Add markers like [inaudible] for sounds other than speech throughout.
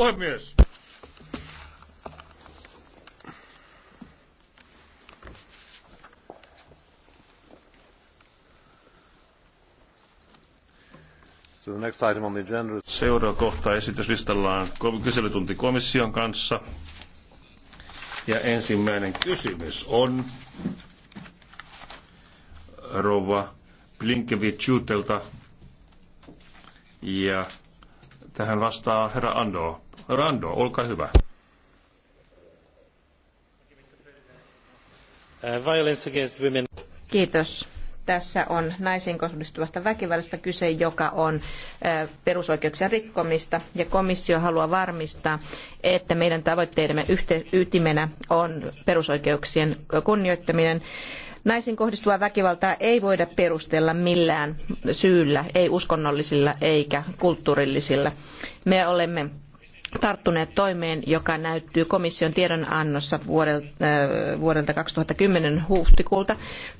puhemies! So the next item on the agenda is... Seuraava kohta esityslistalla on kyselytunti komission kanssa. Ja ensimmäinen kysymys on rouva Blinkevichutelta ja tähän vastaa herra Andor. Rando, olkaa hyvä. Uh, Kiitos. Tässä on naisiin kohdistuvasta väkivallasta kyse, joka on uh, perusoikeuksien rikkomista, ja komissio haluaa varmistaa, että meidän tavoitteidemme ytimenä on perusoikeuksien kunnioittaminen. Naisiin kohdistuvaa väkivaltaa ei voida perustella millään syyllä, ei uskonnollisilla eikä kulttuurillisilla. Me olemme tarttuneet toimeen, joka näyttyy komission tiedonannossa äh, vuodelta 2010 huhtikuulta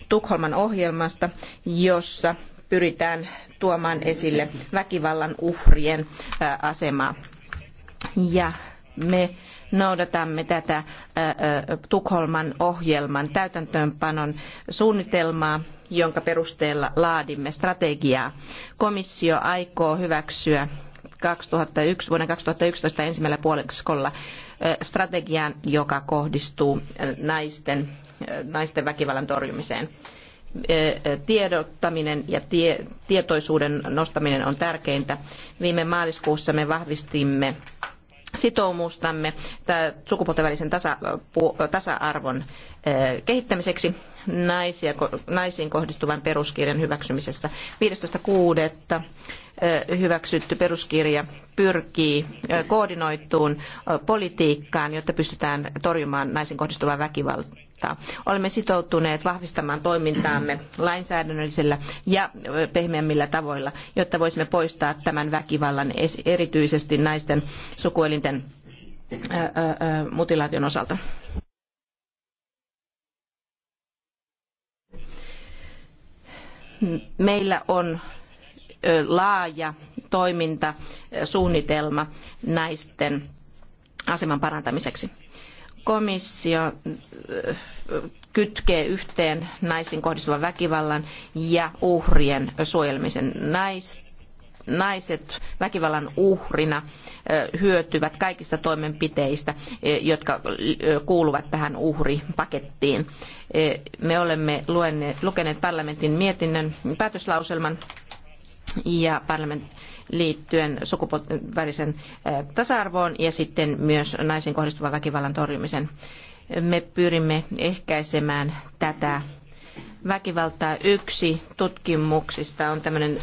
Tukholman ohjelmasta, jossa pyritään tuomaan esille väkivallan uhrien äh, asemaa. Ja me noudatamme tätä äh, Tukholman ohjelman täytäntöönpanon suunnitelmaa, jonka perusteella laadimme strategiaa. Komissio aikoo hyväksyä 2001, vuoden 2011 ensimmäisellä puoliskolla strategian, joka kohdistuu naisten, naisten väkivallan torjumiseen tiedottaminen ja tie, tietoisuuden nostaminen on tärkeintä. Viime maaliskuussa me vahvistimme sitoumustamme sukupuolten välisen tasa, tasa-arvon kehittämiseksi naisia, naisiin kohdistuvan peruskirjan hyväksymisessä. 15.6. hyväksytty peruskirja pyrkii koordinoituun politiikkaan, jotta pystytään torjumaan naisiin kohdistuvaa väkivaltaa. Olemme sitoutuneet vahvistamaan toimintaamme lainsäädännöllisillä ja pehmeämmillä tavoilla, jotta voisimme poistaa tämän väkivallan erityisesti naisten sukuelinten mutilaation osalta. meillä on laaja toimintasuunnitelma naisten aseman parantamiseksi. Komissio kytkee yhteen naisiin kohdistuvan väkivallan ja uhrien suojelmisen. Naiset naiset väkivallan uhrina hyötyvät kaikista toimenpiteistä, jotka kuuluvat tähän uhripakettiin. Me olemme lukeneet parlamentin mietinnön päätöslauselman ja parlament liittyen sukupuolten välisen tasa-arvoon ja sitten myös naisiin kohdistuvan väkivallan torjumisen. Me pyrimme ehkäisemään tätä väkivaltaa. Yksi tutkimuksista on tämmöinen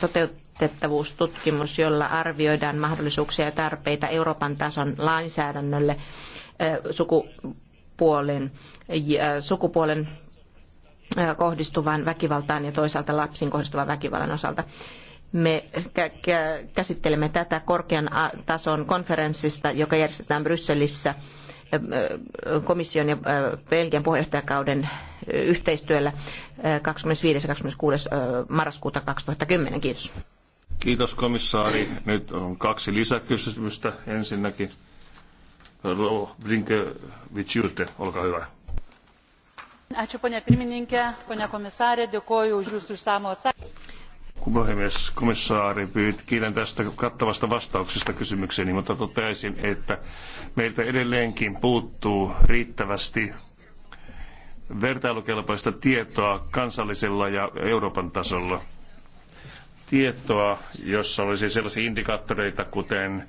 toteut- saavutettavuustutkimus, jolla arvioidaan mahdollisuuksia ja tarpeita Euroopan tason lainsäädännölle sukupuolen, sukupuolen kohdistuvan väkivaltaan ja toisaalta lapsiin kohdistuvan väkivallan osalta. Me käsittelemme tätä korkean tason konferenssista, joka järjestetään Brysselissä komission ja Belgian puheenjohtajakauden yhteistyöllä 25. ja 26. marraskuuta 2010. Kiitos. Kiitos komissaari. Nyt on kaksi lisäkysymystä. Ensinnäkin Blinke Vichilte, olkaa hyvä. Ačiū, ponia pirmininkė, ponia komisarė, dėkoju už jūsų išsamo atsakymą. Puhemies, komissaari, pyyt, kiitän tästä kattavasta vastauksesta kysymykseeni, niin mutta toteaisin, että meiltä edelleenkin puuttuu riittävästi vertailukelpoista tietoa kansallisella ja Euroopan tasolla tietoa, jossa olisi sellaisia indikaattoreita, kuten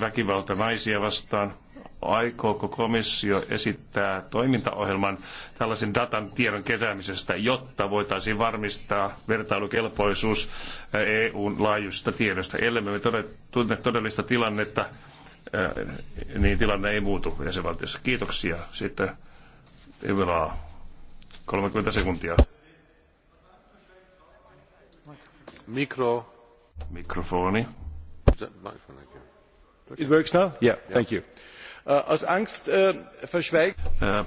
väkivalta naisia vastaan. Aikooko komissio esittää toimintaohjelman tällaisen datan tiedon keräämisestä, jotta voitaisiin varmistaa vertailukelpoisuus EUn laajuisesta tiedosta? Ellei me tunne todellista tilannetta, eh, niin tilanne ei muutu jäsenvaltiossa. Kiitoksia. Sitten Evelaa, 30 sekuntia.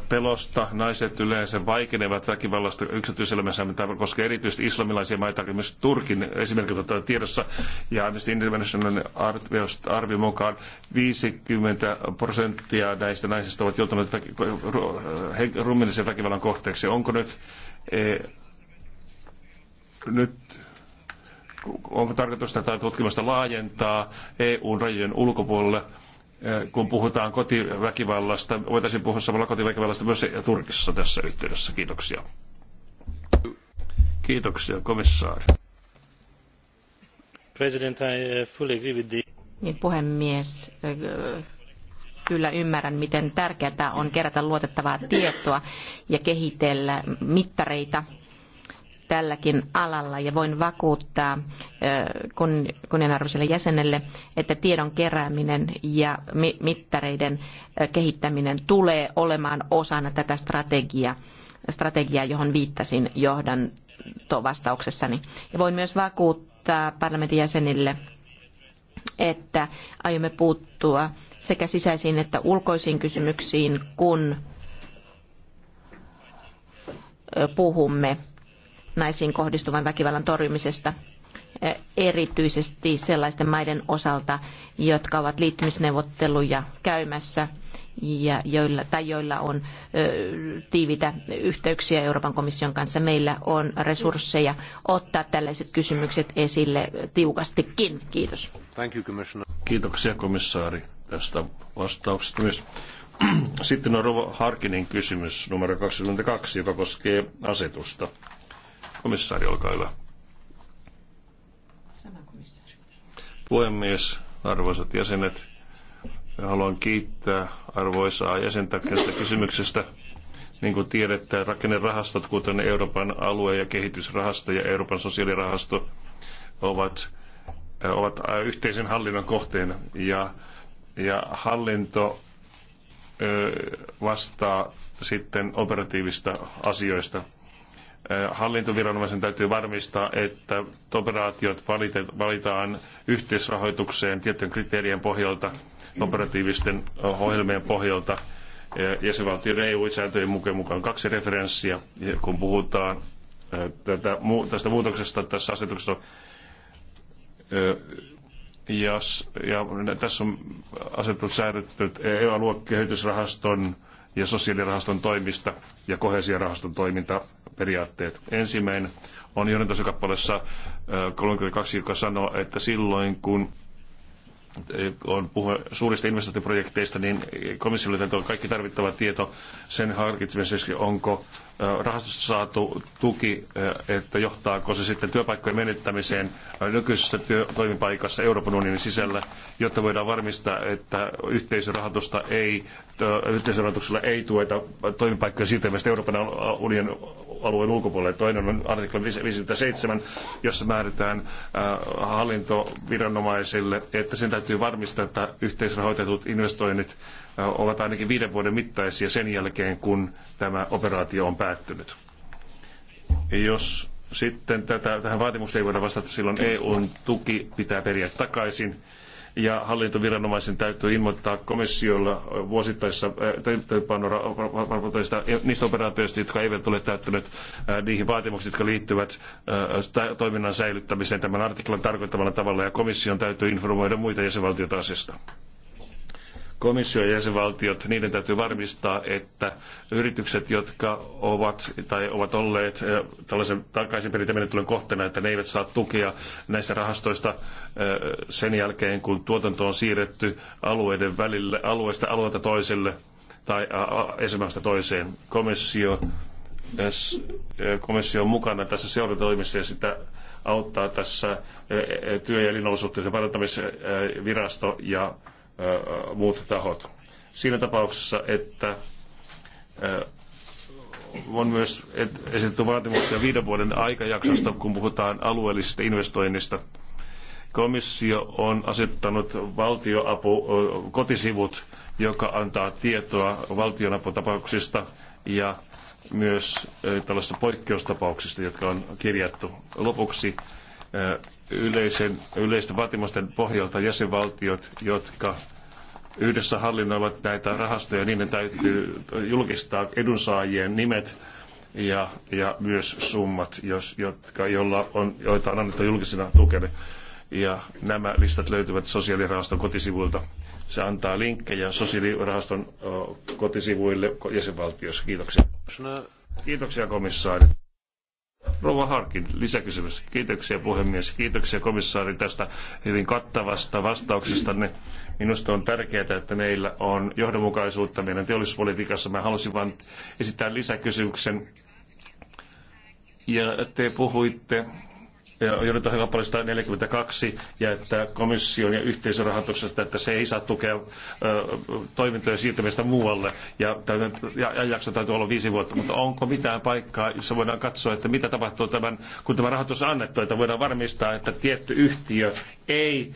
Pelosta naiset yleensä vaikenevat väkivallasta yksityiselämässä, mitä koskee erityisesti islamilaisia maita, myös Turkin esimerkit tuota ovat tiedossa. Ja Amnesty Internationalin arvion mukaan 50 prosenttia näistä naisista ovat joutuneet väki, ruumiillisen äh, väkivallan kohteeksi. Onko nyt, e, nyt onko tarkoitus tätä tutkimusta laajentaa EU-rajojen ulkopuolelle, eh, kun puhutaan kotiväkivallasta. Voitaisiin puhua samalla kotiväkivallasta myös Turkissa tässä yhteydessä. Kiitoksia. Kiitoksia, komissaari. President, I eh, fully agree with the... Niin, puhemies, eh, kyllä ymmärrän, miten tärkeää on kerätä luotettavaa tietoa ja kehitellä mittareita, tälläkin alalla ja voin vakuuttaa kunnianarvoiselle jäsenelle, että tiedon kerääminen ja mittareiden kehittäminen tulee olemaan osana tätä strategiaa, strategiaa johon viittasin johdantovastauksessani. Ja voin myös vakuuttaa parlamentin jäsenille, että aiomme puuttua sekä sisäisiin että ulkoisiin kysymyksiin, kun puhumme naisiin kohdistuvan väkivallan torjumisesta eh, erityisesti sellaisten maiden osalta, jotka ovat liittymisneuvotteluja käymässä ja joilla, tai joilla on ö, eh, tiivitä yhteyksiä Euroopan komission kanssa. Meillä on resursseja ottaa tällaiset kysymykset esille tiukastikin. Kiitos. Thank you, Commissioner. Kiitoksia komissaari tästä vastauksesta myös. [clears throat] Sitten on Rova Harkinin kysymys numero 22, joka koskee asetusta. Komissaari, olkaa hyvä. Sama komissaari. Puhemies, arvoisat jäsenet, haluan kiittää arvoisaa jäsentä tästä kysymyksestä. Niin kuin tiedetään, rakennerahastot, kuten Euroopan alue- ja kehitysrahasto ja Euroopan sosiaalirahasto, ovat, äh, ovat äh, yhteisen hallinnon kohteena. Ja, ja hallinto äh, vastaa sitten operatiivista asioista hallintoviranomaisen täytyy varmistaa, että operaatiot valitaan yhteisrahoitukseen tiettyjen kriteerien pohjalta, operatiivisten ohjelmien pohjalta, jäsenvaltioiden EU-sääntöjen mukaan mukaan kaksi referenssiä, kun puhutaan tätä, tästä muutoksesta tässä asetuksessa. Ja, ja tässä on asetus säädetty EU-aluekehitysrahaston ja sosiaalirahaston toimista ja kohesiorahaston toimintaperiaatteet. Ensimmäinen on jo kappaleessa 32, joka sanoo, että silloin kun on puhe suurista investointiprojekteista, niin komissiolle täytyy olla kaikki tarvittava tieto sen harkitsemiseksi, onko rahastosta saatu tuki, että johtaako se sitten työpaikkojen menettämiseen nykyisessä toimipaikassa Euroopan unionin sisällä, jotta voidaan varmistaa, että yhteisörahoitusta ei yhteisrahoituksella ei tueta toimipaikkojen siirtämistä Euroopan unionin alueen ulkopuolelle. Toinen on artikla 57, jossa määritään äh, hallintoviranomaisille, että sen täytyy varmistaa, että yhteisrahoitetut investoinnit äh, ovat ainakin viiden vuoden mittaisia sen jälkeen, kun tämä operaatio on päättynyt. Jos sitten tätä, tähän vaatimukseen ei voida vastata, silloin EUn tuki pitää periä takaisin ja hallintoviranomaisen täytyy ilmoittaa komissiolla vuosittaisessa äh, täytäntöönpanoraportoista niistä operaatioista, jotka eivät ole täyttäneet äh, niihin vaatimuksiin, jotka liittyvät äh, toiminnan säilyttämiseen tämän artiklan tarkoittamalla tavalla, ja komission täytyy informoida muita jäsenvaltioita asiasta komissio ja jäsenvaltiot, niiden täytyy varmistaa, että yritykset, jotka ovat tai ovat olleet tällaisen takaisinperintämenettelyn kohteena, että ne eivät saa tukea näistä rahastoista sen jälkeen, kun tuotanto on siirretty alueiden välille, alueesta alueelta toiselle tai esimerkiksi toiseen. Komissio, komissio on mukana tässä seurantatoimissa ja sitä auttaa tässä työ- ja elinolosuhteiden parantamisvirasto ja muut tahot. Siinä tapauksessa, että on myös esitetty vaatimuksia viiden vuoden aikajaksosta, kun puhutaan alueellisista investoinnista. Komissio on asettanut valtioapu kotisivut, joka antaa tietoa valtionaputapauksista ja myös tällaista poikkeustapauksista, jotka on kirjattu. Lopuksi yleisen, yleisten vaatimusten pohjalta jäsenvaltiot, jotka yhdessä hallinnoivat näitä rahastoja, niiden täytyy julkistaa edunsaajien nimet ja, ja myös summat, jos, jotka, jolla on, joita on annettu julkisena tukena. Ja nämä listat löytyvät sosiaalirahaston kotisivuilta. Se antaa linkkejä sosiaalirahaston kotisivuille jäsenvaltioissa. Kiitoksia. Kiitoksia komissaari. Rova Harkin, lisäkysymys. Kiitoksia puhemies. Kiitoksia komissaari tästä hyvin kattavasta vastauksesta. Minusta on tärkeää, että meillä on johdonmukaisuutta meidän teollisuuspolitiikassa. Mä halusin vain esittää lisäkysymyksen. Ja te puhuitte joudutaan kappaleesta 42 ja että komission ja yhteisörahoituksesta, että se ei saa tukea toimintojen siirtämistä muualle ja, ja ajanjakso täytyy olla viisi vuotta, mutta onko mitään paikkaa, jossa voidaan katsoa, että mitä tapahtuu tämän, kun tämä rahoitus on annettu, että voidaan varmistaa, että tietty yhtiö ei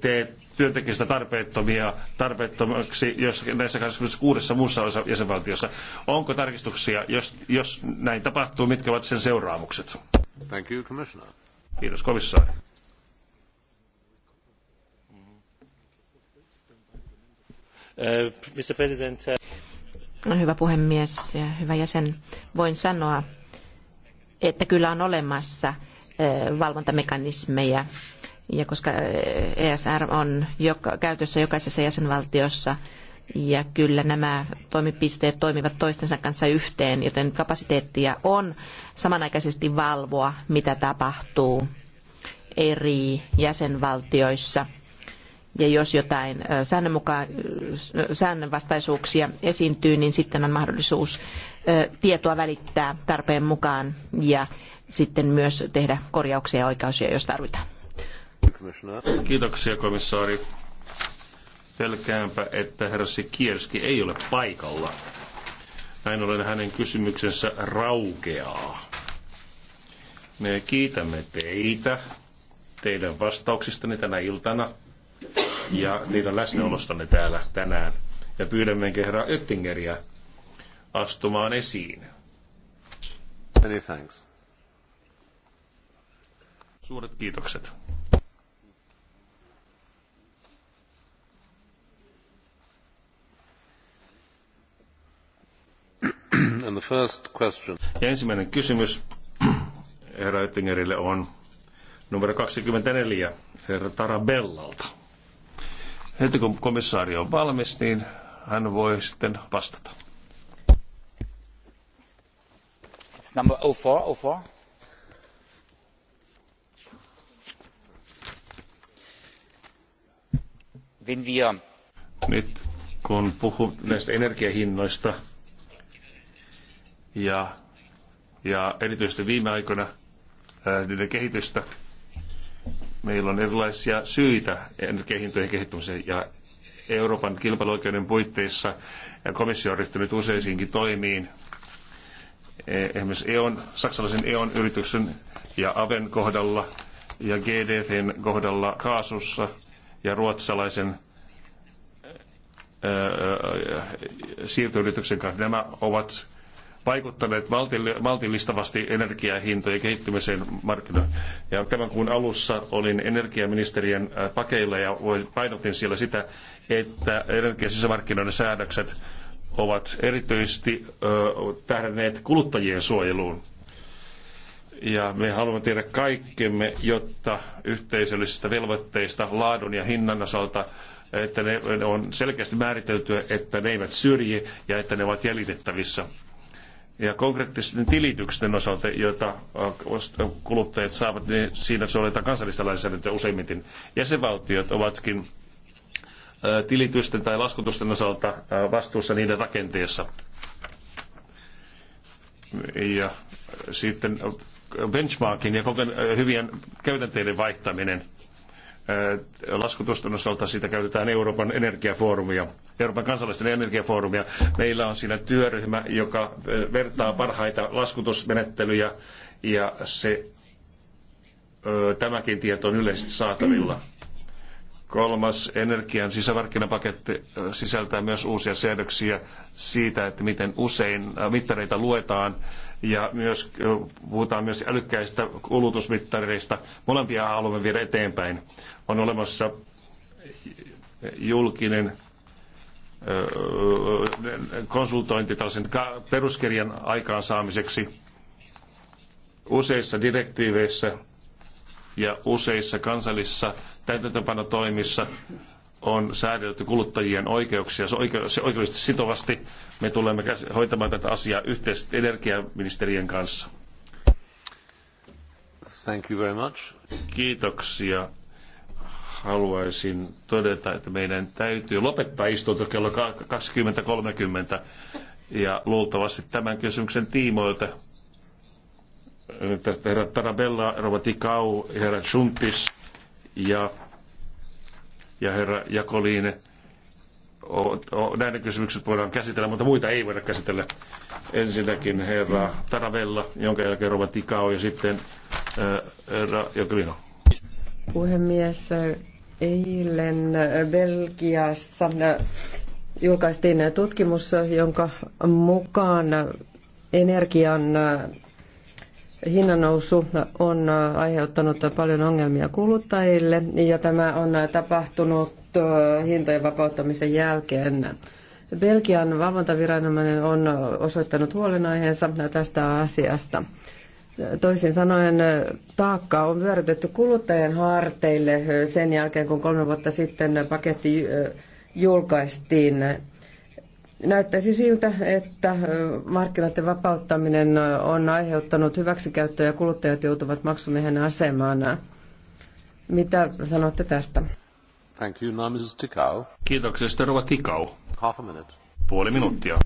tee työntekijöistä tarpeettomia, tarpeettomaksi jos näissä 26 muussa osa jäsenvaltiossa. Onko tarkistuksia, jos, jos näin tapahtuu, mitkä ovat sen seuraamukset? Thank you, Commissioner. Kiitos komissaari. Uh, Mr. President, uh, Hyvä puhemies ja hyvä jäsen, voin sanoa, että kyllä on olemassa uh, valvontamekanismeja ja koska äh, ESR on joka, käytössä jokaisessa jäsenvaltiossa, ja kyllä nämä toimipisteet toimivat toistensa kanssa yhteen, joten kapasiteettia on samanaikaisesti valvoa, mitä tapahtuu eri jäsenvaltioissa. Ja jos jotain äh, äh, säännönvastaisuuksia esiintyy, niin sitten on mahdollisuus tietoa välittää tarpeen mukaan ja sitten myös tehdä korjauksia ja oikaisuja, jos tarvitaan. Kiitoksia komissaari. Pelkäänpä, että herra Sikierski ei ole paikalla. Näin ollen hänen kysymyksensä raukeaa. Me kiitämme teitä teidän vastauksistanne tänä iltana ja teidän läsnäolostanne täällä tänään. Ja pyydämme herra Oettingeriä astumaan esiin. Many thanks. Suuret kiitokset. And the first question. Ja ensimmäinen kysymys [clears throat] herra Oettingerille on numero 24 herra Tarabellalta. Heti kun komissaari on valmis, niin hän voi sitten vastata. It's number 04, 04. Wenn wir... Nyt kun puhun näistä energiahinnoista, ja, ja erityisesti viime aikoina ää, niiden kehitystä. Meillä on erilaisia syitä energiahintojen kehittymiseen ja Euroopan kilpailuoikeuden puitteissa ja komissio on ryhtynyt useisiinkin toimiin. E, esimerkiksi EON, saksalaisen EON yrityksen ja Aven kohdalla ja GDFn kohdalla kaasussa ja ruotsalaisen siirtoyrityksen kanssa. Nämä ovat vaikuttaneet maltillistavasti energiahintojen kehittymiseen markkinoilla. Ja tämän kuun alussa olin energiaministerien äh, pakeilla ja painotin siellä sitä, että energiasisämarkkinoiden säädökset ovat erityisesti ö, tähdänneet kuluttajien suojeluun. Ja me haluamme tehdä kaikkemme, jotta yhteisöllisistä velvoitteista laadun ja hinnan osalta että ne on selkeästi määriteltyä, että ne eivät syrji ja että ne ovat jäljitettävissä ja konkreettisten tilitysten osalta, joita kuluttajat saavat, niin siinä oli kansallista lainsäädäntöä useimmiten. Jäsenvaltiot ovatkin tilitysten tai laskutusten osalta vastuussa niiden rakenteessa. Ja sitten benchmarkin ja hyvien käytänteiden vaihtaminen – laskutusten osalta siitä käytetään Euroopan energiafoorumia, Euroopan kansallisten energiafoorumia. Meillä on siinä työryhmä, joka vertaa parhaita laskutusmenettelyjä ja se, tämäkin tieto on yleisesti saatavilla. Kolmas energian sisämarkkinapaketti sisältää myös uusia säädöksiä siitä, että miten usein mittareita luetaan ja myös puhutaan myös älykkäistä kulutusmittareista. Molempia haluamme viedä eteenpäin. On olemassa julkinen konsultointi tällaisen peruskirjan aikaansaamiseksi useissa direktiiveissä ja useissa kansallisissa täytäntöpanotoimissa on säädelty kuluttajien oikeuksia se oikeudellisesti sitovasti. Me tulemme hoitamaan tätä asiaa yhteisesti energiaministerien kanssa. Thank you very much. Kiitoksia. Haluaisin todeta, että meidän täytyy lopettaa istunto kello 20.30 ja luultavasti tämän kysymyksen tiimoilta herra Tarabella, herra Kau, herra Schuntis, ja, ja herra Jakoliine. Näiden kysymykset voidaan käsitellä, mutta muita ei voida käsitellä. Ensinnäkin herra Taravella, jonka jälkeen Rova Tikao ja sitten herra Jakolino. Puhemies, eilen Belgiassa julkaistiin tutkimus, jonka mukaan energian hinnannousu on äh, aiheuttanut paljon ongelmia kuluttajille ja tämä on äh, tapahtunut äh, hintojen vapauttamisen jälkeen. Belgian valvontaviranomainen on osoittanut huolenaiheensa tästä asiasta. Toisin sanoen taakka on vyörytetty kuluttajien harteille sen jälkeen, kun kolme vuotta sitten paketti julkaistiin. Näyttäisi siltä, että markkinoiden vapauttaminen on aiheuttanut hyväksikäyttöä ja kuluttajat joutuvat maksumiehen asemaan. Mitä sanotte tästä? Thank you. Now Mrs. Tikau. Kiitoksia, Sterva Tikau. Half a minute. Puoli minuuttia.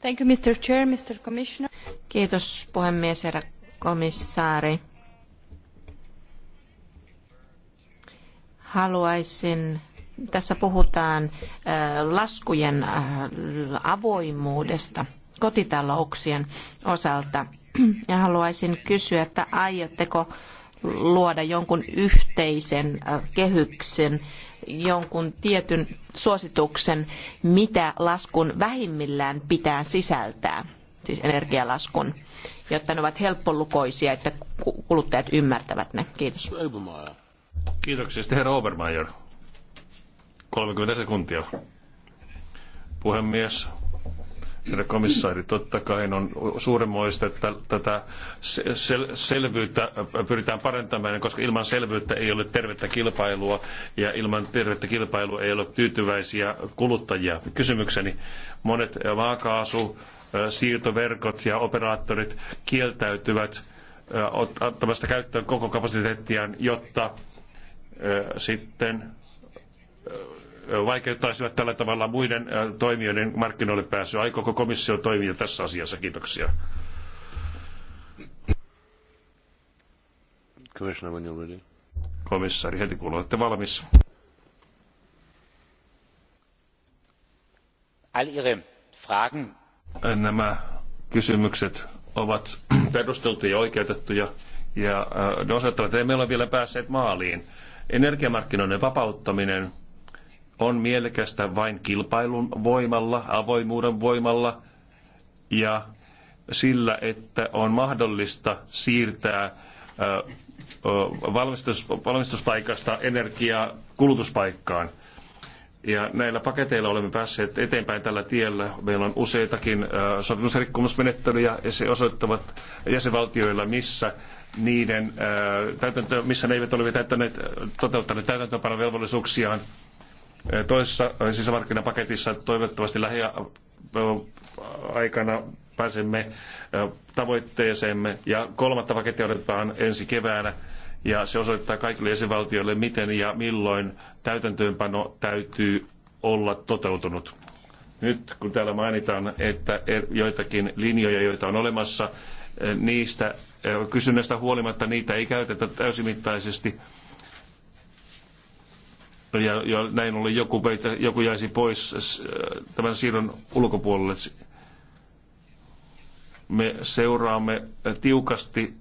Thank you, Mr. Chair, Mr. Commissioner. Kiitos puhemies, herra komissaari. Haluaisin tässä puhutaan laskujen avoimuudesta kotitalouksien osalta. Ja haluaisin kysyä, että aiotteko luoda jonkun yhteisen kehyksen, jonkun tietyn suosituksen, mitä laskun vähimmillään pitää sisältää, siis energialaskun, jotta ne ovat helppolukoisia, että kuluttajat ymmärtävät ne. Kiitos. Kiitoksia, herra Obermeier. 30 sekuntia. Puhemies, herra komissaari, totta kai on suuremmoista, että tätä sel- selvyyttä pyritään parantamaan, koska ilman selvyyttä ei ole tervettä kilpailua ja ilman tervettä kilpailua ei ole tyytyväisiä kuluttajia. Kysymykseni, monet maakaasu, siirtoverkot ja operaattorit kieltäytyvät ottamasta käyttöön koko kapasiteettiaan, jotta sitten vaikeuttaisivat tällä tavalla muiden toimijoiden markkinoille pääsyä. Aikooko komissio toimia tässä asiassa? Kiitoksia. Komissaari, heti kun olette valmis. Nämä kysymykset ovat [clears throat] perusteltuja ja oikeutettuja ja ne osoittavat, että emme ole vielä päässeet maaliin. Energiamarkkinoiden vapauttaminen on mielekästä vain kilpailun voimalla, avoimuuden voimalla ja sillä, että on mahdollista siirtää valmistus, valmistuspaikasta energiaa kulutuspaikkaan. Ja näillä paketeilla olemme päässeet eteenpäin tällä tiellä. Meillä on useitakin sopimusrikkomusmenettelyjä ja se osoittavat jäsenvaltioilla, missä niiden, missä ne eivät ole täyttäneet, toteuttaneet täytäntöönpanovelvollisuuksiaan Toisessa sisämarkkinapaketissa toivottavasti lähiaikana pääsemme tavoitteeseemme ja kolmatta pakettia odotetaan ensi keväänä ja se osoittaa kaikille jäsenvaltioille, miten ja milloin täytäntöönpano täytyy olla toteutunut. Nyt kun täällä mainitaan, että er, joitakin linjoja, joita on olemassa, niistä kysynnästä huolimatta niitä ei käytetä täysimittaisesti ja, ja näin ollen joku, meitä, joku jäisi pois äh, tämän siirron ulkopuolelle. Me seuraamme tiukasti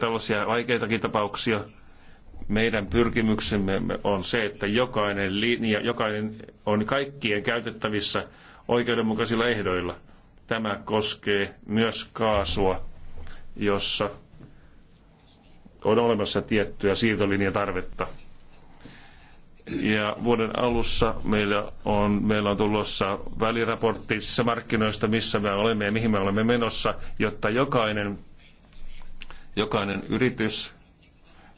tällaisia vaikeitakin tapauksia. Meidän pyrkimyksemme on se, että jokainen linja, jokainen on kaikkien käytettävissä oikeudenmukaisilla ehdoilla. Tämä koskee myös kaasua, jossa on olemassa tiettyä siirtolinjatarvetta. tarvetta ja vuoden alussa meillä on, meillä on tulossa väliraportti markkinoista, missä me olemme ja mihin me olemme menossa, jotta jokainen, jokainen yritys,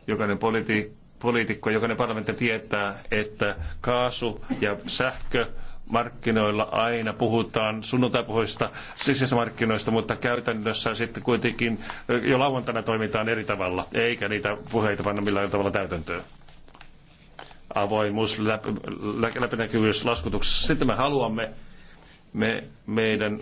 jokainen politi, poliitikko, jokainen parlamentti tietää, että kaasu ja sähkö markkinoilla aina puhutaan sunnuntaipuhoista sisämarkkinoista, mutta käytännössä sitten kuitenkin jo lauantaina toimitaan eri tavalla, eikä niitä puheita panna millään tavalla täytäntöön avoimuus, läpinäkyvyys laskutuksessa. Sitten me haluamme, me, meidän,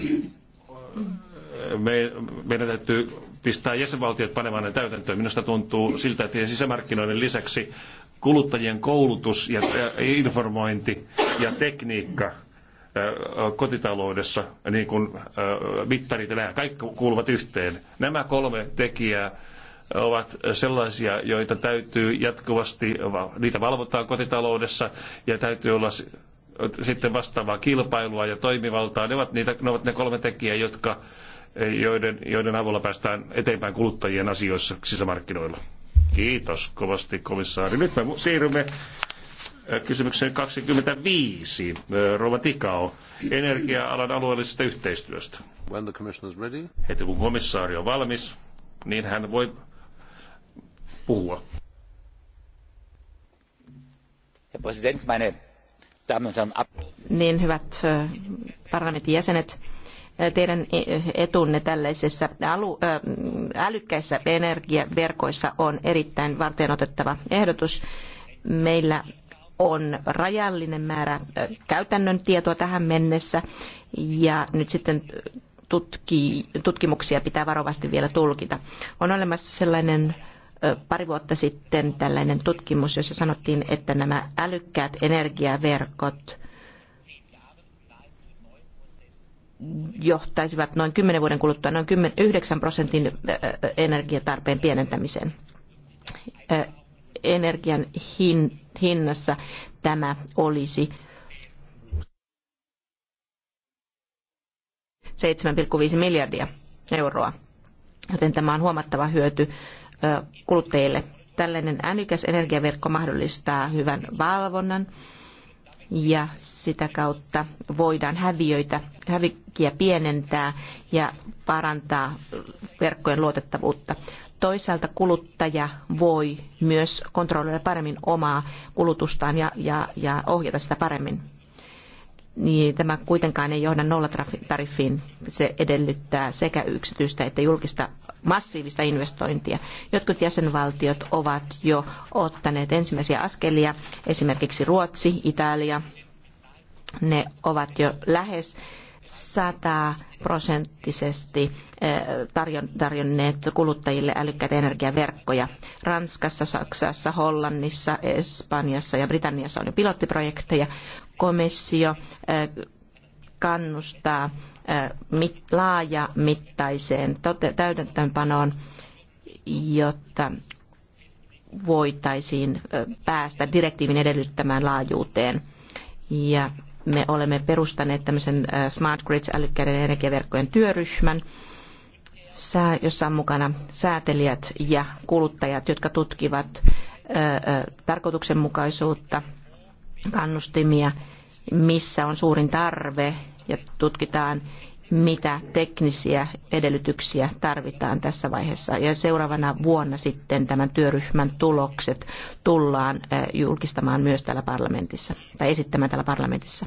me, meidän täytyy pistää jäsenvaltiot panemaan ne täytäntöön. Minusta tuntuu siltä, että sisämarkkinoiden lisäksi kuluttajien koulutus ja informointi ja tekniikka kotitaloudessa, niin kuin mittarit ja kaikki kuuluvat yhteen. Nämä kolme tekijää ovat sellaisia, joita täytyy jatkuvasti, niitä valvotaan kotitaloudessa ja täytyy olla sitten vastaavaa kilpailua ja toimivaltaa. Ne ovat, niitä, ne, ovat ne kolme tekijää, jotka, joiden, joiden avulla päästään eteenpäin kuluttajien asioissa sisämarkkinoilla. Kiitos kovasti komissaari. Nyt me siirrymme äh, kysymykseen 25. Äh, Rova Tikao, energia-alan alueellisesta yhteistyöstä. When the is ready. Heti kun komissaari on valmis, niin hän voi puhua. Herr Präsident, meine Damen und Herren. Niin, hyvät parlamentin jäsenet, teidän e-, etunne tällaisessa alu, älykkäissä energiaverkoissa on erittäin varteenotettava ehdotus. Meillä on rajallinen määrä käytännön tietoa tähän mennessä ja nyt sitten tutki, tutkimuksia pitää varovasti vielä tulkita. On olemassa sellainen pari vuotta sitten tällainen tutkimus, jossa sanottiin, että nämä älykkäät energiaverkot johtaisivat noin kymmenen vuoden kuluttua noin 9 prosentin energiatarpeen pienentämiseen. Energian hinnassa tämä olisi 7,5 miljardia euroa, joten tämä on huomattava hyöty kuluttajille. Tällainen älykäs energiaverkko mahdollistaa hyvän valvonnan ja sitä kautta voidaan häviöitä, hävikkiä pienentää ja parantaa verkkojen luotettavuutta. Toisaalta kuluttaja voi myös kontrolloida paremmin omaa kulutustaan ja, ja, ja ohjata sitä paremmin niin tämä kuitenkaan ei johda nollatariffiin. Se edellyttää sekä yksityistä että julkista massiivista investointia. Jotkut jäsenvaltiot ovat jo ottaneet ensimmäisiä askelia, esimerkiksi Ruotsi, Italia. Ne ovat jo lähes sataprosenttisesti eh, tarjonneet kuluttajille älykkäitä energiaverkkoja. Ranskassa, Saksassa, Hollannissa, Espanjassa ja Britanniassa on jo pilottiprojekteja komissio äh, kannustaa äh, laajamittaiseen täytäntöönpanoon, jotta voitaisiin äh, päästä direktiivin edellyttämään laajuuteen. Ja me olemme perustaneet tämmöisen Smart Grids älykkäiden energiaverkkojen työryhmän, jossa on mukana säätelijät ja kuluttajat, jotka tutkivat tarkoituksenmukaisuutta kannustimia, missä on suurin tarve ja tutkitaan, mitä teknisiä edellytyksiä tarvitaan tässä vaiheessa. Ja seuraavana vuonna sitten tämän työryhmän tulokset tullaan eh, julkistamaan myös täällä parlamentissa, tai esittämään täällä parlamentissa.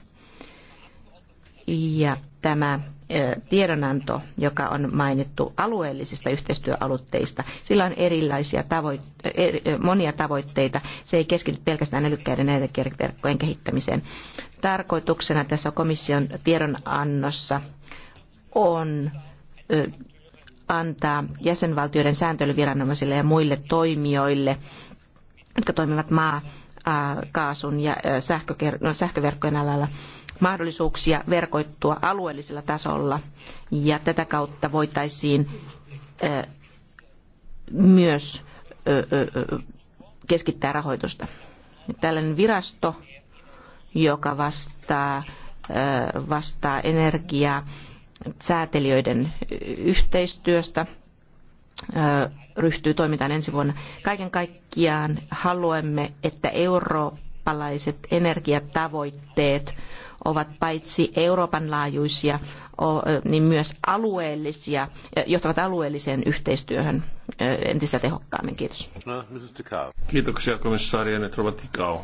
Ja tämä tiedonanto, joka on mainittu alueellisista yhteistyöalutteista. Sillä on erilaisia monia tavoitteita. Se ei keskity pelkästään älykkäiden energiaverkkojen kehittämiseen. Tarkoituksena tässä komission tiedonannossa on antaa jäsenvaltioiden sääntelyviranomaisille ja muille toimijoille, jotka toimivat maa, kaasun ja no, sähköverkkojen alalla mahdollisuuksia verkoittua alueellisella tasolla ja tätä kautta voitaisiin myös keskittää rahoitusta. Tällainen virasto, joka vastaa, vastaa energiaa säätelijöiden yhteistyöstä, ryhtyy toimintaan ensi vuonna. Kaiken kaikkiaan haluamme, että eurooppalaiset energiatavoitteet ovat paitsi Euroopan laajuisia, niin myös alueellisia, johtavat alueelliseen yhteistyöhön entistä tehokkaammin. Kiitos. No, Kiitoksia komissaari Enet Rovatikau.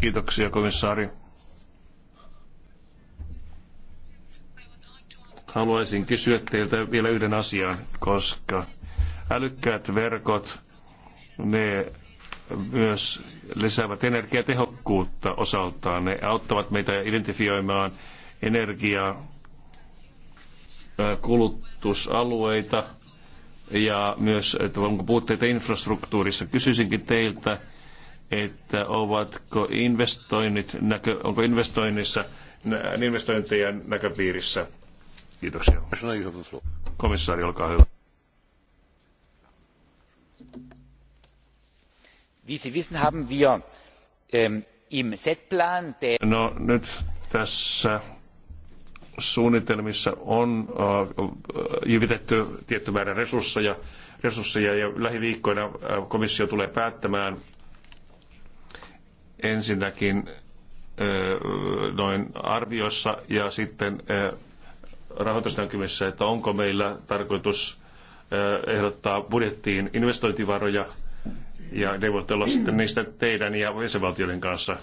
Kiitoksia komissaari. Haluaisin kysyä teiltä vielä yhden asian, koska älykkäät verkot, ne myös lisäävät energiatehokkuutta osaltaan. Ne auttavat meitä identifioimaan energiaa kulutusalueita ja myös, että onko puutteita infrastruktuurissa. Kysyisinkin teiltä, että ovatko investoinnit, näkö, onko investoinnissa, investointeja näköpiirissä? Kiitoksia. Komissaari, olkaa hyvä. wie sie wissen haben wir ähm, im set plan no nyt tässä suunnitelmissa on äh, jyvitetty tietty määrä resursseja, resursseja ja lähiviikkoina äh, komissio tulee päättämään ensinnäkin äh, noin arvioissa ja sitten rahoitusnäkymissä, että onko meillä tarkoitus ehdottaa budjettiin investointivaroja ja neuvotella sitten niistä teidän ja jäsenvaltioiden kanssa.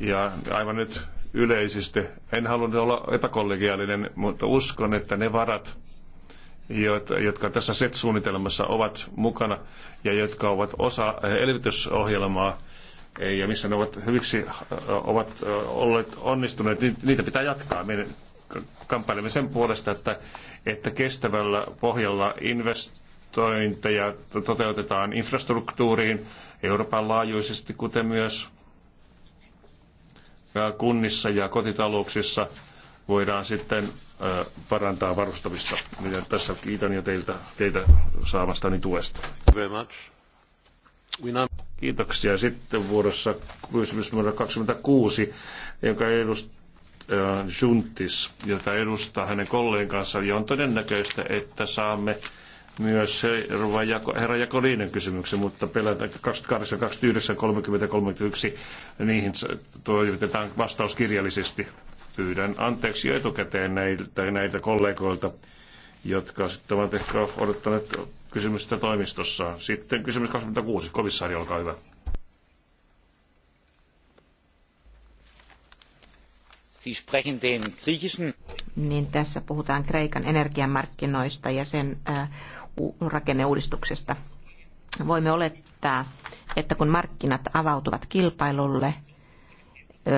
Ja aivan nyt yleisesti, en halunnut olla epäkollegiaalinen, mutta uskon, että ne varat, jotka tässä SET-suunnitelmassa ovat mukana ja jotka ovat osa elvytysohjelmaa, ja missä ne ovat hyviksi ovat olleet onnistuneet, niin niitä pitää jatkaa. Meidän kamppailemme sen puolesta, että, että kestävällä pohjalla invest, investointeja toteutetaan infrastruktuuriin Euroopan laajuisesti, kuten myös kunnissa ja kotitalouksissa voidaan sitten parantaa varustamista. Ja tässä kiitän jo teiltä, teitä saamastani tuesta. Kiitoksia. Sitten vuorossa kysymys numero 26, jonka edustaa Juntis, jota edustaa hänen kollegansa, ja on todennäköistä, että saamme myös herra, Jako, herra Jakoliinen kysymyksen, mutta pelätään 28, 29, 30, 31, niihin toivotetaan vastaus kirjallisesti. Pyydän anteeksi jo etukäteen näiltä, näiltä kollegoilta, jotka sitten ovat ehkä odottaneet kysymystä toimistossa. Sitten kysymys 26, komissaari, olkaa hyvä. Sie sprechen den griechischen... Niin tässä puhutaan Kreikan energiamarkkinoista ja sen äh, rakenneuudistuksesta. Voimme olettaa, että kun markkinat avautuvat kilpailulle,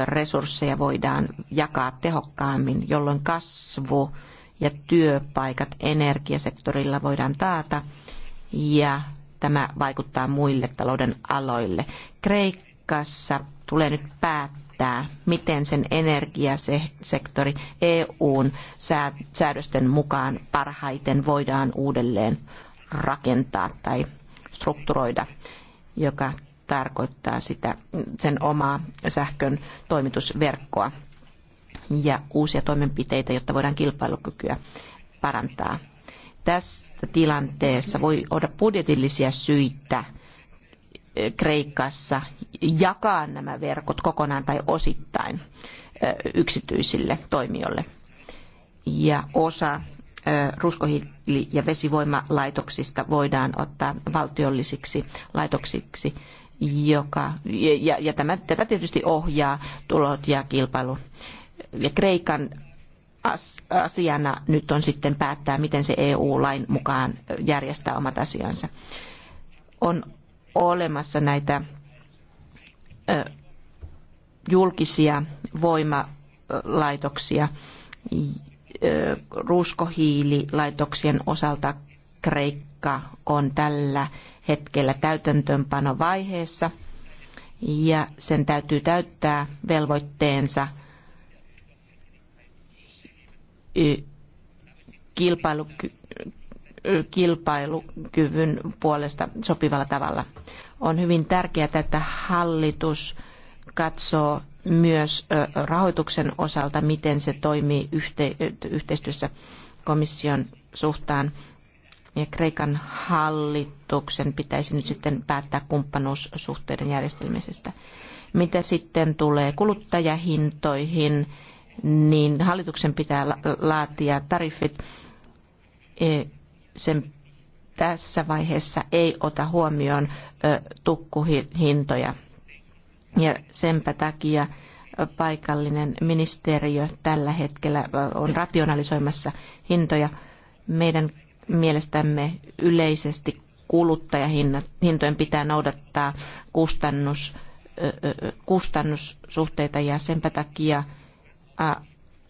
resursseja voidaan jakaa tehokkaammin, jolloin kasvu ja työpaikat energiasektorilla voidaan taata ja tämä vaikuttaa muille talouden aloille. Kreikassa tulee nyt päättää päättää, miten sen energiasektori EUn säädösten mukaan parhaiten voidaan uudelleen rakentaa tai strukturoida, joka tarkoittaa sitä, sen omaa sähkön toimitusverkkoa ja uusia toimenpiteitä, jotta voidaan kilpailukykyä parantaa. Tässä tilanteessa voi olla budjetillisia syitä Kreikassa jakaa nämä verkot kokonaan tai osittain yksityisille toimijoille. Ja osa ruskohiili- ja vesivoimalaitoksista voidaan ottaa valtiollisiksi laitoksiksi, joka, ja, ja tämä, tätä tietysti ohjaa tulot ja kilpailu. Ja Kreikan asiana nyt on sitten päättää, miten se EU-lain mukaan järjestää omat asiansa. On olemassa näitä julkisia voimalaitoksia ruskohiililaitoksien osalta Kreikka on tällä hetkellä täytäntöönpanovaiheessa ja sen täytyy täyttää velvoitteensa kilpailukyky kilpailukyvyn puolesta sopivalla tavalla. On hyvin tärkeää, että hallitus katsoo myös rahoituksen osalta, miten se toimii yhteistyössä komission suhtaan. Ja Kreikan hallituksen pitäisi nyt sitten päättää kumppanuussuhteiden järjestelmisestä. Mitä sitten tulee kuluttajahintoihin, niin hallituksen pitää laatia tariffit e, sen tässä vaiheessa ei ota huomioon tukkuhintoja. Ja senpä takia paikallinen ministeriö tällä hetkellä on rationalisoimassa hintoja. Meidän mielestämme yleisesti kuluttajahintojen pitää noudattaa kustannus, kustannussuhteita ja senpä takia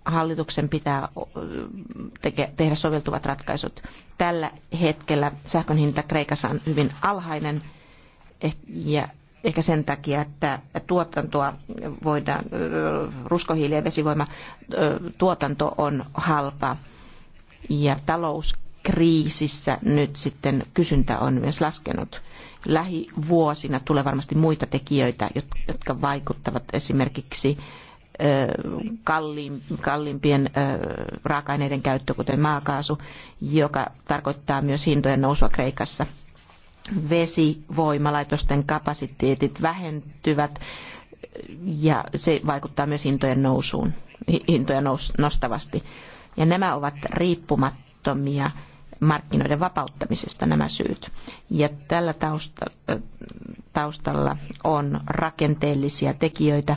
hallituksen pitää tehdä soveltuvat ratkaisut. Tällä hetkellä sähkön hinta Kreikassa on hyvin alhainen eh, ja ehkä sen takia, että tuotantoa voidaan, ruskohiili- ja vesivoima tuotanto on halpa ja talouskriisissä nyt sitten kysyntä on myös laskenut. Lähivuosina tulee varmasti muita tekijöitä, jotka vaikuttavat esimerkiksi kalliimpien raaka-aineiden käyttö, kuten maakaasu, joka tarkoittaa myös hintojen nousua Kreikassa. Vesivoimalaitosten kapasiteetit vähentyvät ja se vaikuttaa myös hintojen nousuun, hintoja nostavasti. Ja nämä ovat riippumattomia markkinoiden vapauttamisesta nämä syyt. Ja tällä taustalla on rakenteellisia tekijöitä,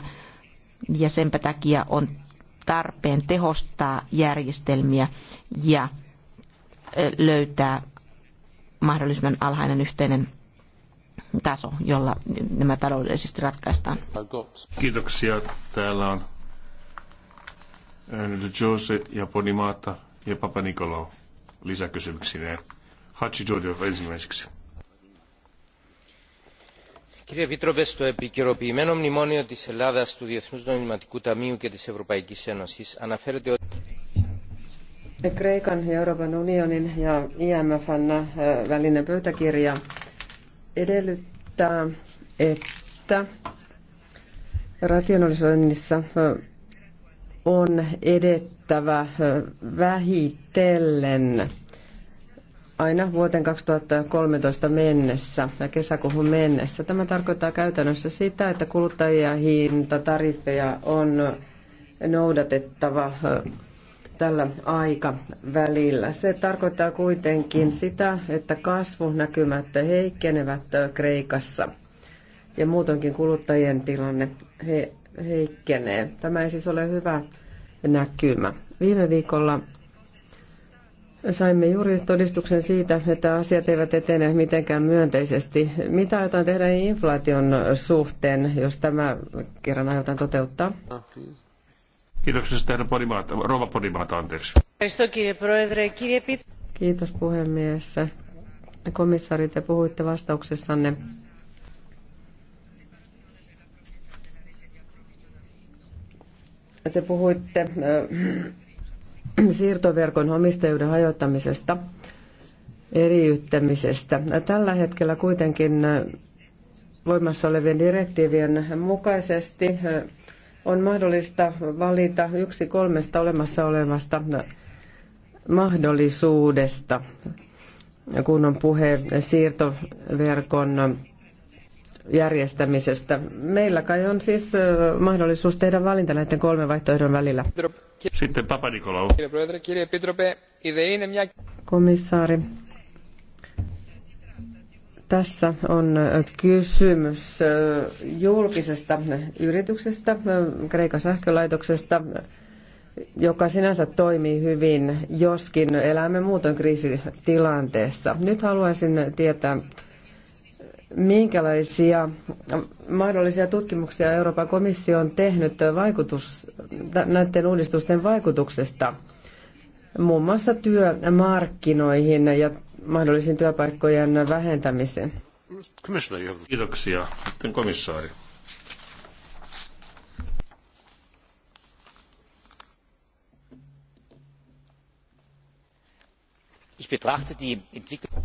ja senpä takia on tarpeen tehostaa järjestelmiä ja löytää mahdollisimman alhainen yhteinen taso, jolla nämä taloudellisesti ratkaistaan. Kiitoksia. Täällä on Jose ja Ponimaata ja Papa Nikolao lisäkysymyksineen. Hachi Giorgio ensimmäiseksi κύριε επίτροπε στο επικαιροποιημένο μνημόνιο της ελλάδας του διεθνούς νομισματικού ταμείου και της ευρωπαϊκής ένωσης αναφέρεται ότι Kreikan Euroopan unionin ja IMFn välinen pöytäkirja edellyttää, että rationalisoinnissa on edettävä vähitellen aina vuoteen 2013 mennessä ja kesäkuuhun mennessä. Tämä tarkoittaa käytännössä sitä, että kuluttajia hinta tariffeja on noudatettava tällä aikavälillä. Se tarkoittaa kuitenkin sitä, että kasvunäkymät heikkenevät Kreikassa ja muutoinkin kuluttajien tilanne heikkenee. Tämä ei siis ole hyvä näkymä. Viime viikolla Saimme juuri todistuksen siitä, että asiat eivät etene mitenkään myönteisesti. Mitä aiotaan tehdä inflaation suhteen, jos tämä kerran aiotaan toteuttaa? Kiitoksia, herra Podimaata, Rova Podimaata, anteeksi. Kiitos puhemies. Komissaari, te puhuitte vastauksessanne te puhuitte äh, siirtoverkon omistajuuden hajottamisesta, eriyttämisestä. Tällä hetkellä kuitenkin voimassa olevien direktiivien mukaisesti on mahdollista valita yksi kolmesta olemassa olevasta mahdollisuudesta, kun on puhe siirtoverkon järjestämisestä. Meillä kai on siis mahdollisuus tehdä valinta näiden kolmen vaihtoehdon välillä. Sitten Komissaari, tässä on kysymys julkisesta yrityksestä, Kreikan sähkölaitoksesta, joka sinänsä toimii hyvin, joskin elämme muutoin kriisitilanteessa. Nyt haluaisin tietää minkälaisia mahdollisia tutkimuksia Euroopan komissio on tehnyt vaikutus, näiden uudistusten vaikutuksesta muun muassa työmarkkinoihin ja mahdollisiin työpaikkojen vähentämiseen. Kiitoksia. Sitten komissaari.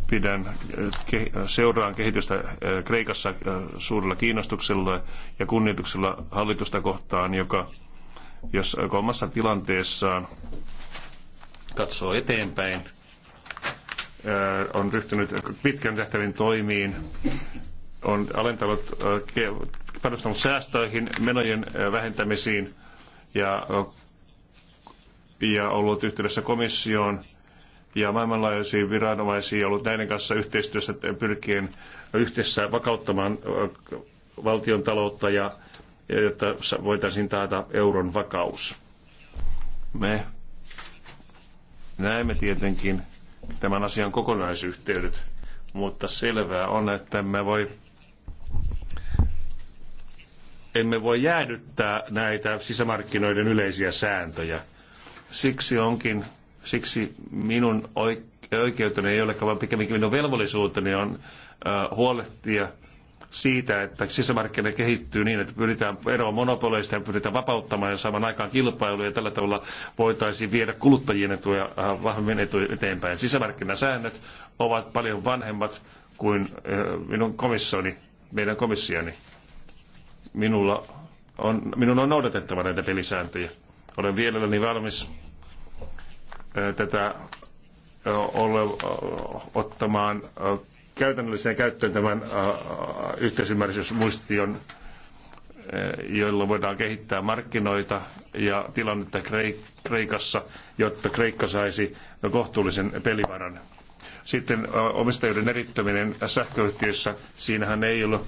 Pidän, äh, seuraan kehitystä äh, Kreikassa äh, suurella kiinnostuksella ja kunnioituksella hallitusta kohtaan, joka jos omassa tilanteessaan katsoo eteenpäin, on ryhtynyt pitkän tähtäimen toimiin, on alentanut, panostanut säästöihin, menojen vähentämisiin ja, ja ollut yhteydessä komissioon – ja maailmanlaajuisiin viranomaisiin ollut näiden kanssa yhteistyössä pyrkien yhdessä vakauttamaan valtion taloutta ja että voitaisiin taata euron vakaus. Me näemme tietenkin tämän asian kokonaisyhteydet, mutta selvää on, että me voi emme voi jäädyttää näitä sisämarkkinoiden yleisiä sääntöjä. Siksi onkin Siksi minun oikeuteni ei olekaan, vaan pikemminkin minun velvollisuuteni on huolehtia siitä, että sisämarkkina kehittyy niin, että pyritään eroon monopoleista ja pyritään vapauttamaan ja saamaan aikaan kilpailuja. Tällä tavalla voitaisiin viedä kuluttajien etuja vahvemmin etuja eteenpäin. Sisämarkkinasäännöt ovat paljon vanhemmat kuin minun komissioni, meidän komissioni. Minulla on, minun on noudatettava näitä pelisääntöjä. Olen niin valmis tätä ole, ottamaan käytännölliseen käyttöön tämän yhteisymmärrysmuistion, jolla voidaan kehittää markkinoita ja tilannetta Kreikassa, jotta Kreikka saisi kohtuullisen pelivaran. Sitten omistajuuden erittäminen sähköyhtiössä, siinähän ei ole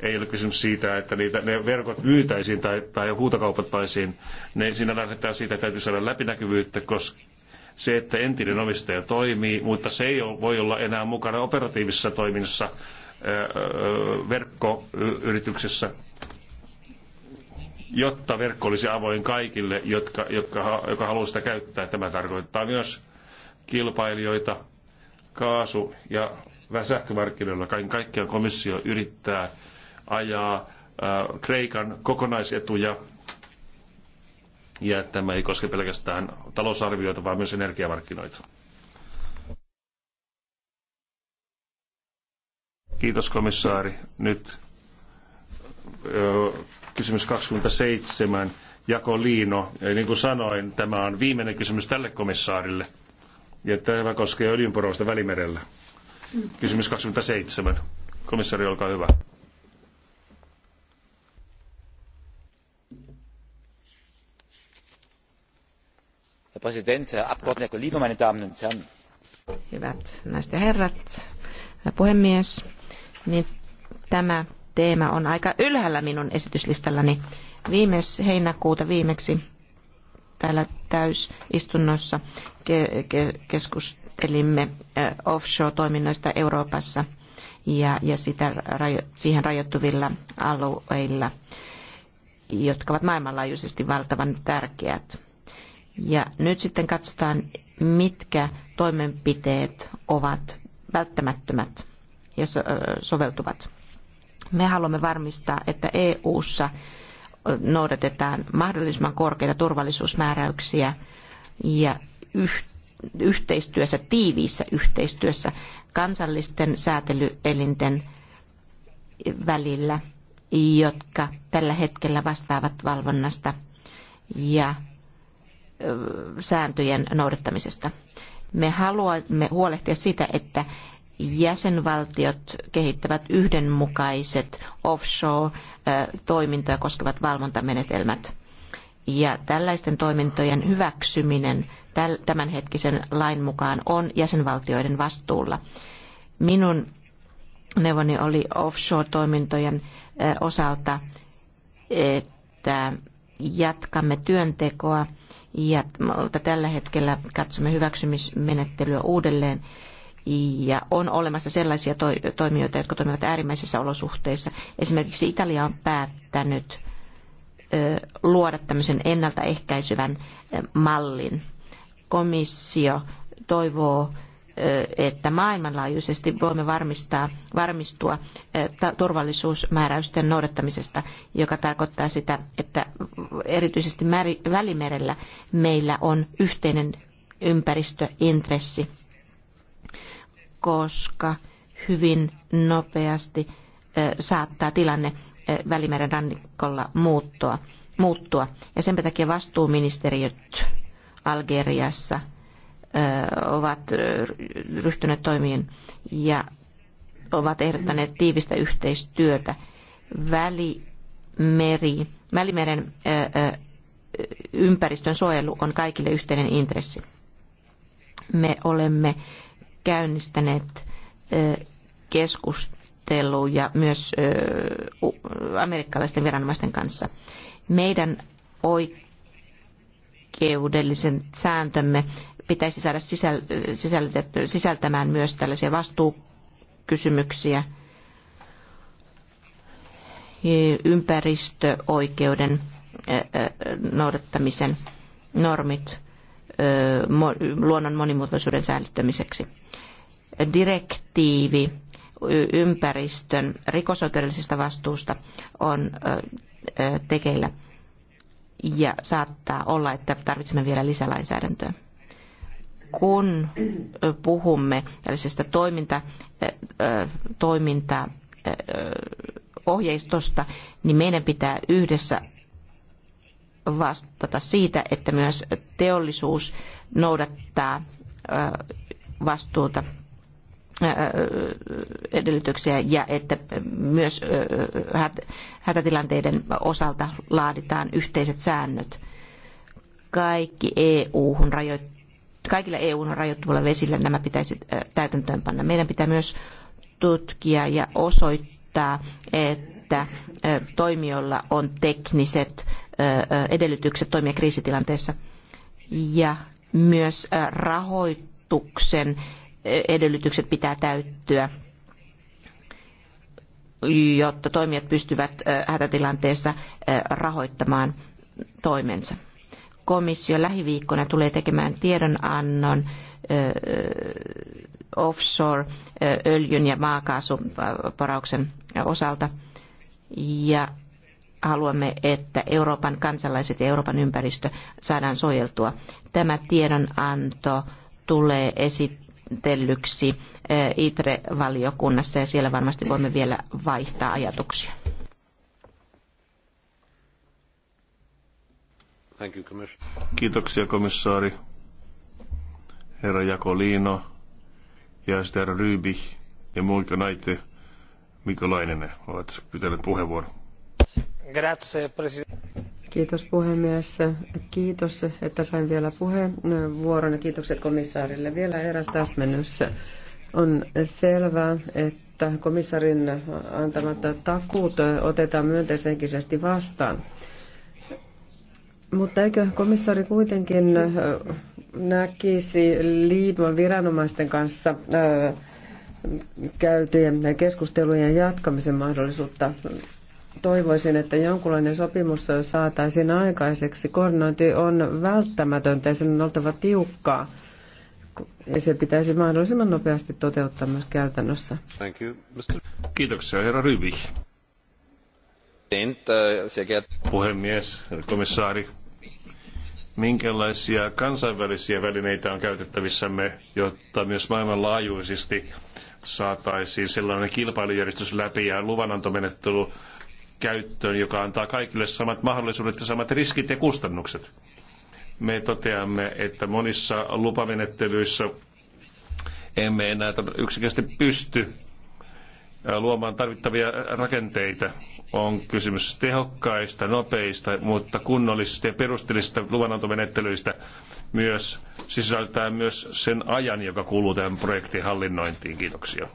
ei ole kysymys siitä, että niitä, ne verkot myytäisiin tai, tai huutokaupattaisiin. niin siinä lähdetään siitä, että täytyy saada läpinäkyvyyttä, koska se, että entinen omistaja toimii, mutta se ei voi olla enää mukana operatiivisessa toiminnassa verkkoyrityksessä, jotta verkko olisi avoin kaikille, jotka, jotka, jotka haluaa sitä käyttää. Tämä tarkoittaa myös kilpailijoita kaasu- ja sähkömarkkinoilla. Kaiken kaikkiaan komissio yrittää ajaa Kreikan kokonaisetuja ja tämä ei koske pelkästään talousarvioita, vaan myös energiamarkkinoita. Kiitos komissaari. Nyt kysymys 27. Jako Liino. Ja niin kuin sanoin, tämä on viimeinen kysymys tälle komissaarille. Ja tämä koskee öljynporousta Välimerellä. Kysymys 27. Komissaari, olkaa hyvä. herr präsident herr abgeordneter lieber meine damen und herren! hyvät naiset ja herrat hyvä puhemies niin tämä teema on aika ylhäällä minun esityslistallani. viime heinäkuuta viimeksi täällä täysistunnossa keskustelimme äh, offshore-toiminnoista Euroopassa ja, sitä, siihen rajoittuvilla alueilla, jotka ovat maailmanlaajuisesti valtavan tärkeät. Ja nyt sitten katsotaan, mitkä toimenpiteet ovat välttämättömät ja soveltuvat. Me haluamme varmistaa, että EU:ssa noudatetaan mahdollisimman korkeita turvallisuusmääräyksiä ja yhteistyössä, tiiviissä yhteistyössä kansallisten säätelyelinten välillä, jotka tällä hetkellä vastaavat valvonnasta ja sääntöjen noudattamisesta. Me haluamme huolehtia siitä, että jäsenvaltiot kehittävät yhdenmukaiset offshore-toimintoja koskevat valvontamenetelmät. Ja tällaisten toimintojen hyväksyminen tämänhetkisen lain mukaan on jäsenvaltioiden vastuulla. Minun neuvoni oli offshore-toimintojen osalta, että jatkamme työntekoa – ja tällä hetkellä katsomme hyväksymismenettelyä uudelleen. Ja on olemassa sellaisia toimijoita, jotka toimivat äärimmäisissä olosuhteissa. Esimerkiksi Italia on päättänyt luoda tämmöisen ennaltaehkäisyvän mallin. Komissio toivoo että maailmanlaajuisesti voimme varmistaa, varmistua turvallisuusmääräysten noudattamisesta, joka tarkoittaa sitä, että erityisesti Välimerellä meillä on yhteinen ympäristöintressi, koska hyvin nopeasti saattaa tilanne Välimeren rannikolla muuttua. muuttua. Ja sen takia vastuuministeriöt Algeriassa – ovat ryhtyneet toimiin ja ovat ehdottaneet tiivistä yhteistyötä Välimeri, Välimeren ympäristön suojelu on kaikille yhteinen intressi. Me olemme käynnistäneet keskusteluja myös amerikkalaisten viranomaisten kanssa. Meidän oikeudellisen sääntömme pitäisi saada sisältämään myös tällaisia vastuukysymyksiä ympäristöoikeuden noudattamisen normit luonnon monimuotoisuuden säilyttämiseksi. Direktiivi ympäristön rikosoikeudellisesta vastuusta on tekeillä ja saattaa olla, että tarvitsemme vielä lisälainsäädäntöä kun puhumme tällaisesta toiminta, toiminta ohjeistosta, niin meidän pitää yhdessä vastata siitä, että myös teollisuus noudattaa vastuuta edellytyksiä ja että myös hätätilanteiden osalta laaditaan yhteiset säännöt. Kaikki EU-hun kaikilla EUn rajoittuvilla vesillä nämä pitäisi täytäntöönpanna. Meidän pitää myös tutkia ja osoittaa, että toimijoilla on tekniset edellytykset toimia kriisitilanteessa ja myös rahoituksen edellytykset pitää täyttyä jotta toimijat pystyvät hätätilanteessa rahoittamaan toimensa komissio lähiviikkoina tulee tekemään tiedonannon offshore-öljyn ja maakaasuporauksen osalta. Ja haluamme, että Euroopan kansalaiset ja Euroopan ympäristö saadaan suojeltua. Tämä tiedonanto tulee esitellyksi ITRE-valiokunnassa ja siellä varmasti voimme vielä vaihtaa ajatuksia. Thank you, Kiitoksia komissaari. Herra Jakolino ja Ryby ja Muika Naite Mikolainen ovat pitäneet puheenvuoron. Kiitos puhemies. Kiitos, että sain vielä puheenvuoron ja kiitokset komissaarille. Vielä eräs täsmennys. On selvää, että komissarin antamat takuut otetaan myönteishenkisesti vastaan. Mutta eikö komissaari kuitenkin äh, näkisi liiton viranomaisten kanssa äh, käytyjen keskustelujen jatkamisen mahdollisuutta? Toivoisin, että jonkunlainen sopimus saataisiin aikaiseksi. Koordinointi on välttämätöntä ja sen on oltava tiukkaa. Ja se pitäisi mahdollisimman nopeasti toteuttaa myös käytännössä. Thank you. Mr. Kiitoksia, herra Rybich. Äh, Puhemies, komissaari, minkälaisia kansainvälisiä välineitä on käytettävissämme, jotta myös maailmanlaajuisesti saataisiin sellainen kilpailujärjestys läpi ja luvanantomenettely käyttöön, joka antaa kaikille samat mahdollisuudet ja samat riskit ja kustannukset. Me toteamme, että monissa lupamenettelyissä emme enää yksinkertaisesti pysty äh, luomaan tarvittavia rakenteita on kysymys tehokkaista, nopeista, mutta kunnollisista ja perusteellisista luvanantomenettelyistä myös sisältää myös sen ajan, joka kuluu tämän projektin hallinnointiin. Kiitoksia.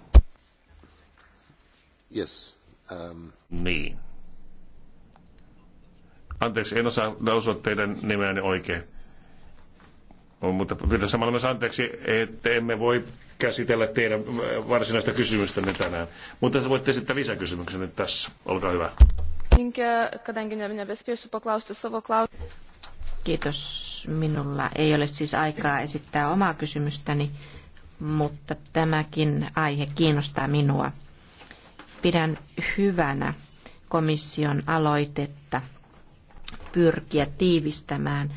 Yes. Um... Niin. Anteeksi, en osaa lausua teidän nimeänne oikein. Mutta pyydän samalla myös anteeksi, että emme voi käsitellä teidän äh, varsinaista kysymystänne tänään. Mutta voitte esittää lisäkysymyksenne tässä. Olkaa hyvä. Kiitos. Minulla ei ole siis aikaa esittää omaa kysymystäni, mutta tämäkin aihe kiinnostaa minua. Pidän hyvänä komission aloitetta pyrkiä tiivistämään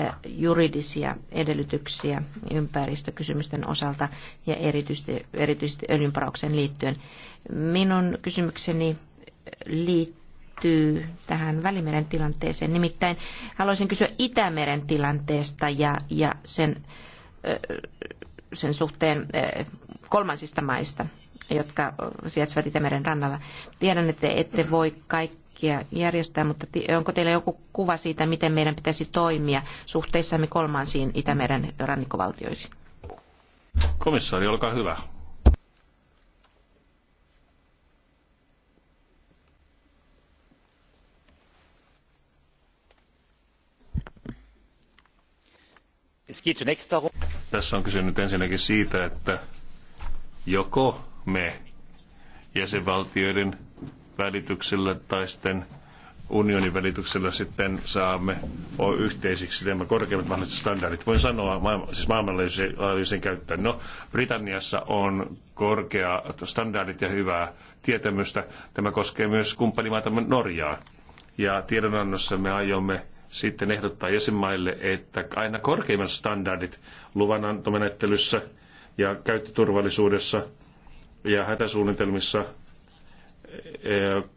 Eh, juridisia edellytyksiä ympäristökysymysten osalta ja erityisesti, erityisesti öljynparaukseen liittyen. Minun kysymykseni liittyy tähän Välimeren tilanteeseen. Nimittäin haluaisin kysyä Itämeren tilanteesta ja, ja sen, eh, sen suhteen eh, kolmansista maista jotka sijaitsevat Itämeren rannalla. Tiedän, että ette voi kaikki kaikkea järjestää, mutta onko teillä joku kuva siitä, miten meidän pitäisi toimia suhteissamme kolmansiin Itämeren rannikkovaltioihin? Komissaari, olkaa hyvä. Tässä on kysynyt ensinnäkin siitä, että joko me jäsenvaltioiden välityksellä tai sitten unionin välityksellä sitten saamme yhteisiksi nämä korkeimmat mahdolliset standardit. Voin sanoa siis maailmanlaajuisen käyttöön. No, Britanniassa on korkea standardit ja hyvää tietämystä. Tämä koskee myös kumppanimaatamme Norjaa. Ja tiedonannossa me aiomme sitten ehdottaa jäsenmaille, että aina korkeimmat standardit luvanantomenettelyssä ja käyttöturvallisuudessa ja hätäsuunnitelmissa –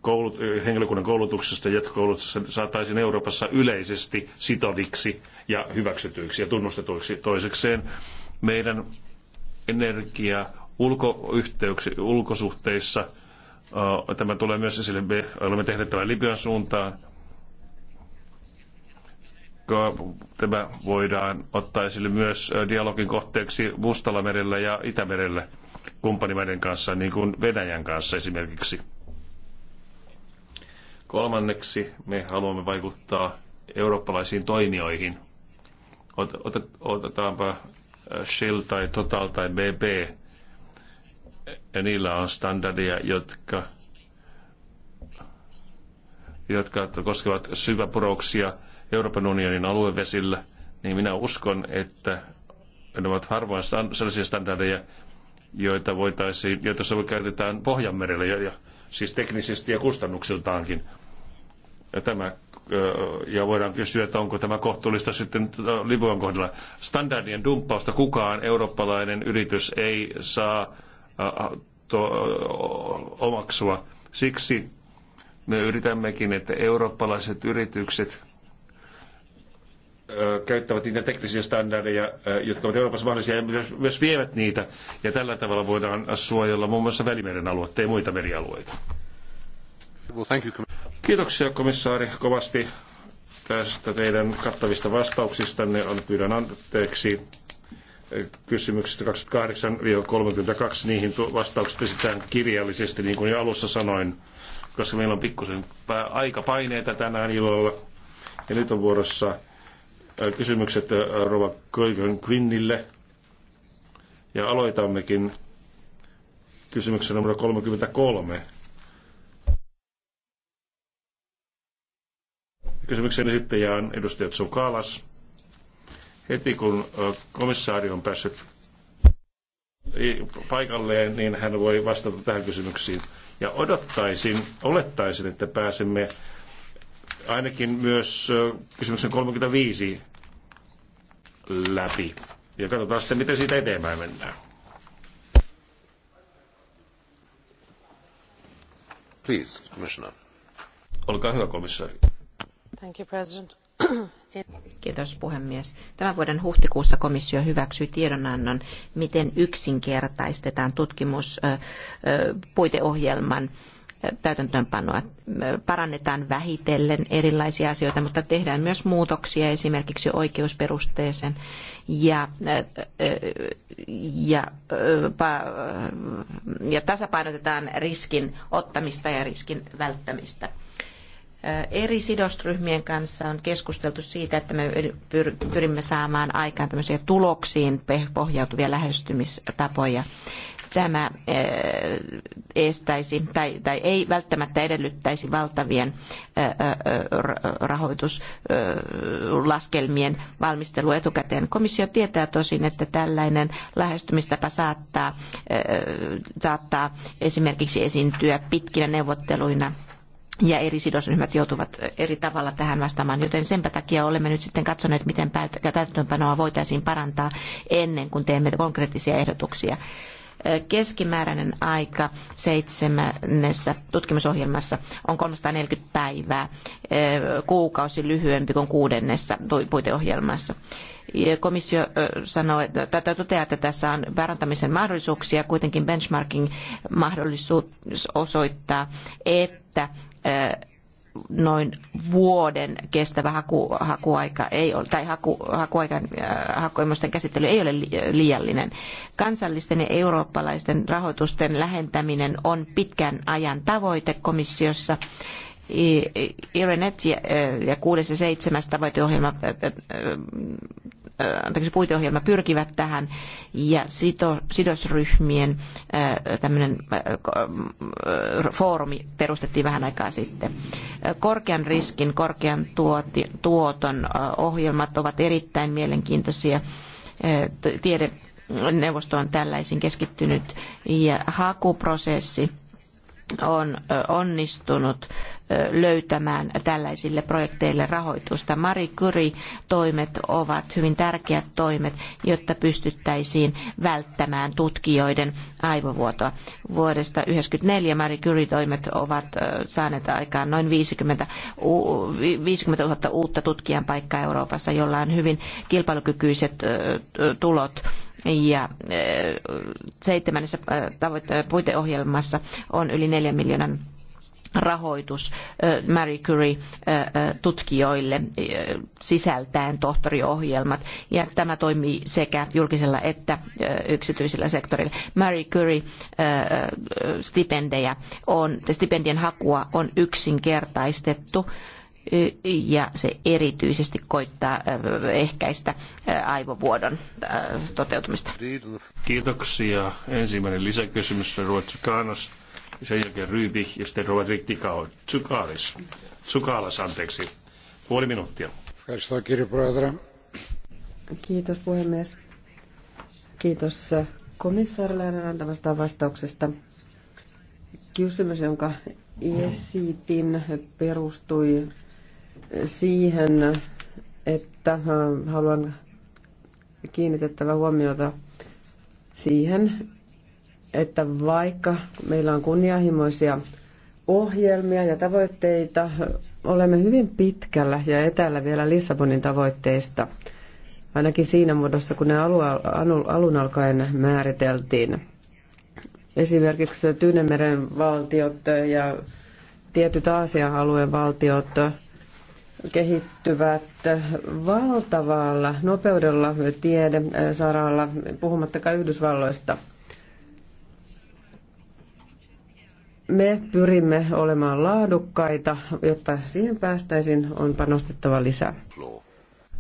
koulut, henkilökunnan koulutuksesta ja jatkokoulutuksesta saataisiin Euroopassa yleisesti sitoviksi ja hyväksytyiksi ja tunnustetuiksi. Toisekseen meidän energia ulkosuhteissa, tämä tulee myös esille, me olemme tehneet tämän Libyan suuntaan, tämä voidaan ottaa esille myös dialogin kohteeksi Mustalla merellä ja Itämerellä kumppanimaiden kanssa, niin kuin Venäjän kanssa esimerkiksi. Kolmanneksi me haluamme vaikuttaa eurooppalaisiin toimijoihin. Ot, ot, otetaanpa äh, Shell tai Total tai BP. Ja niillä on standardeja, jotka, jotka koskevat syväporouksia Euroopan unionin aluevesillä. Niin minä uskon, että ne ovat harvoin stand, sellaisia standardeja, joita voitaisiin, joita käytetään Pohjanmerellä, jo, jo, siis teknisesti ja kustannuksiltaankin ja tämä ja voidaan kysyä, että onko tämä kohtuullista sitten Libyan kohdalla. Standardien dumppausta kukaan eurooppalainen yritys ei saa omaksua. Siksi me yritämmekin, että eurooppalaiset yritykset käyttävät niitä teknisiä standardeja, jotka ovat Euroopassa mahdollisia, ja myös, myös vievät niitä. Ja tällä tavalla voidaan suojella muun muassa Välimeren aluetta ja muita merialueita. Well, Kiitoksia komissaari kovasti tästä teidän kattavista vastauksistanne. On pyydän anteeksi kysymyksistä 28-32. Niihin vastaukset esitään kirjallisesti, niin kuin jo alussa sanoin, koska meillä on pikkusen paineita tänään illalla. Ja nyt on vuorossa äh, kysymykset äh, Rova Koikan Quinnille. Ja aloitammekin kysymyksen numero 33. Kysymyksen esittäjä on edustaja Tsukalas. Heti kun komissaari on päässyt paikalleen, niin hän voi vastata tähän kysymyksiin. Ja odottaisin, olettaisin, että pääsemme ainakin myös kysymyksen 35 läpi. Ja katsotaan sitten, miten siitä eteenpäin mennään. Please, Commissioner. Olkaa hyvä, komissaari. Kiitos puhemies. Tämän vuoden huhtikuussa komissio hyväksyi tiedonannon, miten yksinkertaistetaan tutkimuspuiteohjelman täytäntöönpanoa. Parannetaan vähitellen erilaisia asioita, mutta tehdään myös muutoksia esimerkiksi oikeusperusteeseen ja, ja, ja tasapainotetaan riskin ottamista ja riskin välttämistä Eri sidosryhmien kanssa on keskusteltu siitä, että me pyrimme saamaan aikaan tämmöisiä tuloksiin pohjautuvia lähestymistapoja. Tämä estäisi tai, tai ei välttämättä edellyttäisi valtavien rahoituslaskelmien valmistelua etukäteen. Komissio tietää tosin, että tällainen lähestymistapa saattaa, saattaa esimerkiksi esiintyä pitkinä neuvotteluina ja eri sidosryhmät joutuvat eri tavalla tähän vastaamaan, joten senpä takia olemme nyt sitten katsoneet, miten täytäntöönpanoa voitaisiin parantaa ennen kuin teemme konkreettisia ehdotuksia keskimääräinen aika seitsemännessä tutkimusohjelmassa on 340 päivää, kuukausi lyhyempi kuin kuudennessa puiteohjelmassa. Komissio sanoo, että toteaa, että tässä on parantamisen mahdollisuuksia, kuitenkin benchmarking mahdollisuus osoittaa, että noin vuoden kestävä haku, hakuaika ei ole, tai haku, hakuaikan, hakuimusten käsittely ei ole liiallinen. Kansallisten ja eurooppalaisten rahoitusten lähentäminen on pitkän ajan tavoite komissiossa. Irenet ja kuudes ja seitsemäs tavoiteohjelma Äh, anteeksi, puiteohjelma pyrkivät tähän ja sito, sidosryhmien äh, tämmöinen äh, foorumi perustettiin vähän aikaa sitten. Korkean riskin, korkean tuoti, tuoton ohjelmat ovat erittäin mielenkiintoisia. Tiedeneuvosto on tällaisiin keskittynyt ja hakuprosessi on onnistunut löytämään tällaisille projekteille rahoitusta. Marie Curie-toimet ovat hyvin tärkeät toimet, jotta pystyttäisiin välttämään tutkijoiden aivovuotoa. Vuodesta 1994 Marie Curie-toimet ovat saaneet aikaan noin 50, 50 000 uutta tutkijan paikkaa Euroopassa, jolla on hyvin kilpailukykyiset tulot ja seitsemännessä puiteohjelmassa on yli neljän miljoonan rahoitus Marie Curie-tutkijoille sisältäen tohtoriohjelmat. Ja tämä toimii sekä julkisella että yksityisellä sektorilla. Marie Curie-stipendejä on, stipendien hakua on yksinkertaistettu ja se erityisesti koittaa ehkäistä aivovuodon toteutumista. Kiitoksia. Ensimmäinen lisäkysymys Ruotsi Kaanos sen jälkeen Ryybi ja sitten Rodrik Tikao. Tsukaalis. Tsukalas, anteeksi. Puoli minuuttia. Kiitos puhemies. Kiitos komissaarille antamasta vastauksesta. Kysymys, jonka esitin, perustui siihen, että haluan kiinnitettävä huomiota siihen, että vaikka meillä on kunnianhimoisia ohjelmia ja tavoitteita, olemme hyvin pitkällä ja etäällä vielä Lissabonin tavoitteista, ainakin siinä muodossa, kun ne alun alkaen määriteltiin. Esimerkiksi Tyynemeren valtiot ja tietyt Aasian alueen valtiot kehittyvät valtavalla nopeudella tiede saralla, puhumattakaan Yhdysvalloista – me pyrimme olemaan laadukkaita, jotta siihen päästäisiin, on panostettava lisää.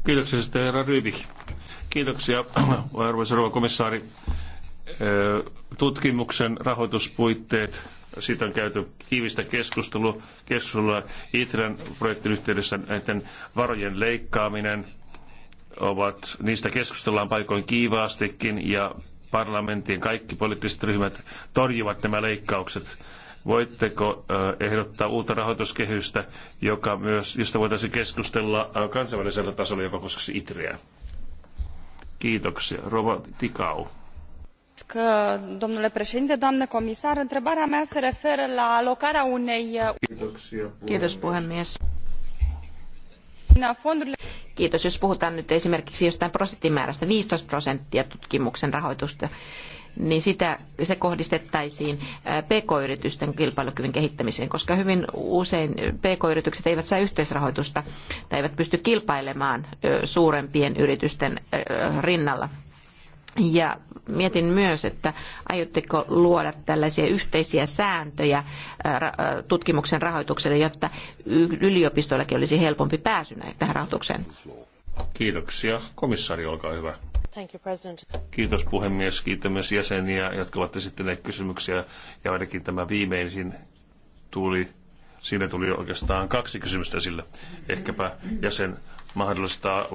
Kiitoksia sitten herra Rybik. Kiitoksia [clears throat] arvoisa rouva komissaari. Tutkimuksen rahoituspuitteet, siitä on käyty kiivistä keskustelua, keskustelua ITREn projektin yhteydessä näiden varojen leikkaaminen, ovat, niistä keskustellaan paikoin kiivaastikin ja parlamentin kaikki poliittiset ryhmät torjuvat nämä leikkaukset Voitteko ehdottaa uutta rahoituskehystä, joka myös, josta voitaisiin keskustella kansainvälisellä tasolla, joka koskisi Itriä? Kiitoksia. Rova Tikau. Domnule președinte, doamnă comisar, întrebarea mea se referă la alocarea unei... Uh, Kiitos puhemies. Kiitos. Jos puhutaan nyt esimerkiksi jostain prosenttimäärästä, 15 prosenttia tutkimuksen rahoitusta niin sitä, se kohdistettaisiin PK-yritysten kilpailukyvyn kehittämiseen, koska hyvin usein PK-yritykset eivät saa yhteisrahoitusta tai eivät pysty kilpailemaan suurempien yritysten rinnalla. Ja mietin myös, että aiotteko luoda tällaisia yhteisiä sääntöjä tutkimuksen rahoitukselle, jotta yliopistoillakin olisi helpompi pääsy tähän rahoitukseen? Kiitoksia. Komissaari, olkaa hyvä. Thank you, President. Kiitos puhemies. Kiitän myös jäseniä, jotka ovat esittäneet kysymyksiä. Ja ainakin tämä viimeisin tuli, siinä tuli oikeastaan kaksi kysymystä sille Ehkäpä jäsen mahdollistaa,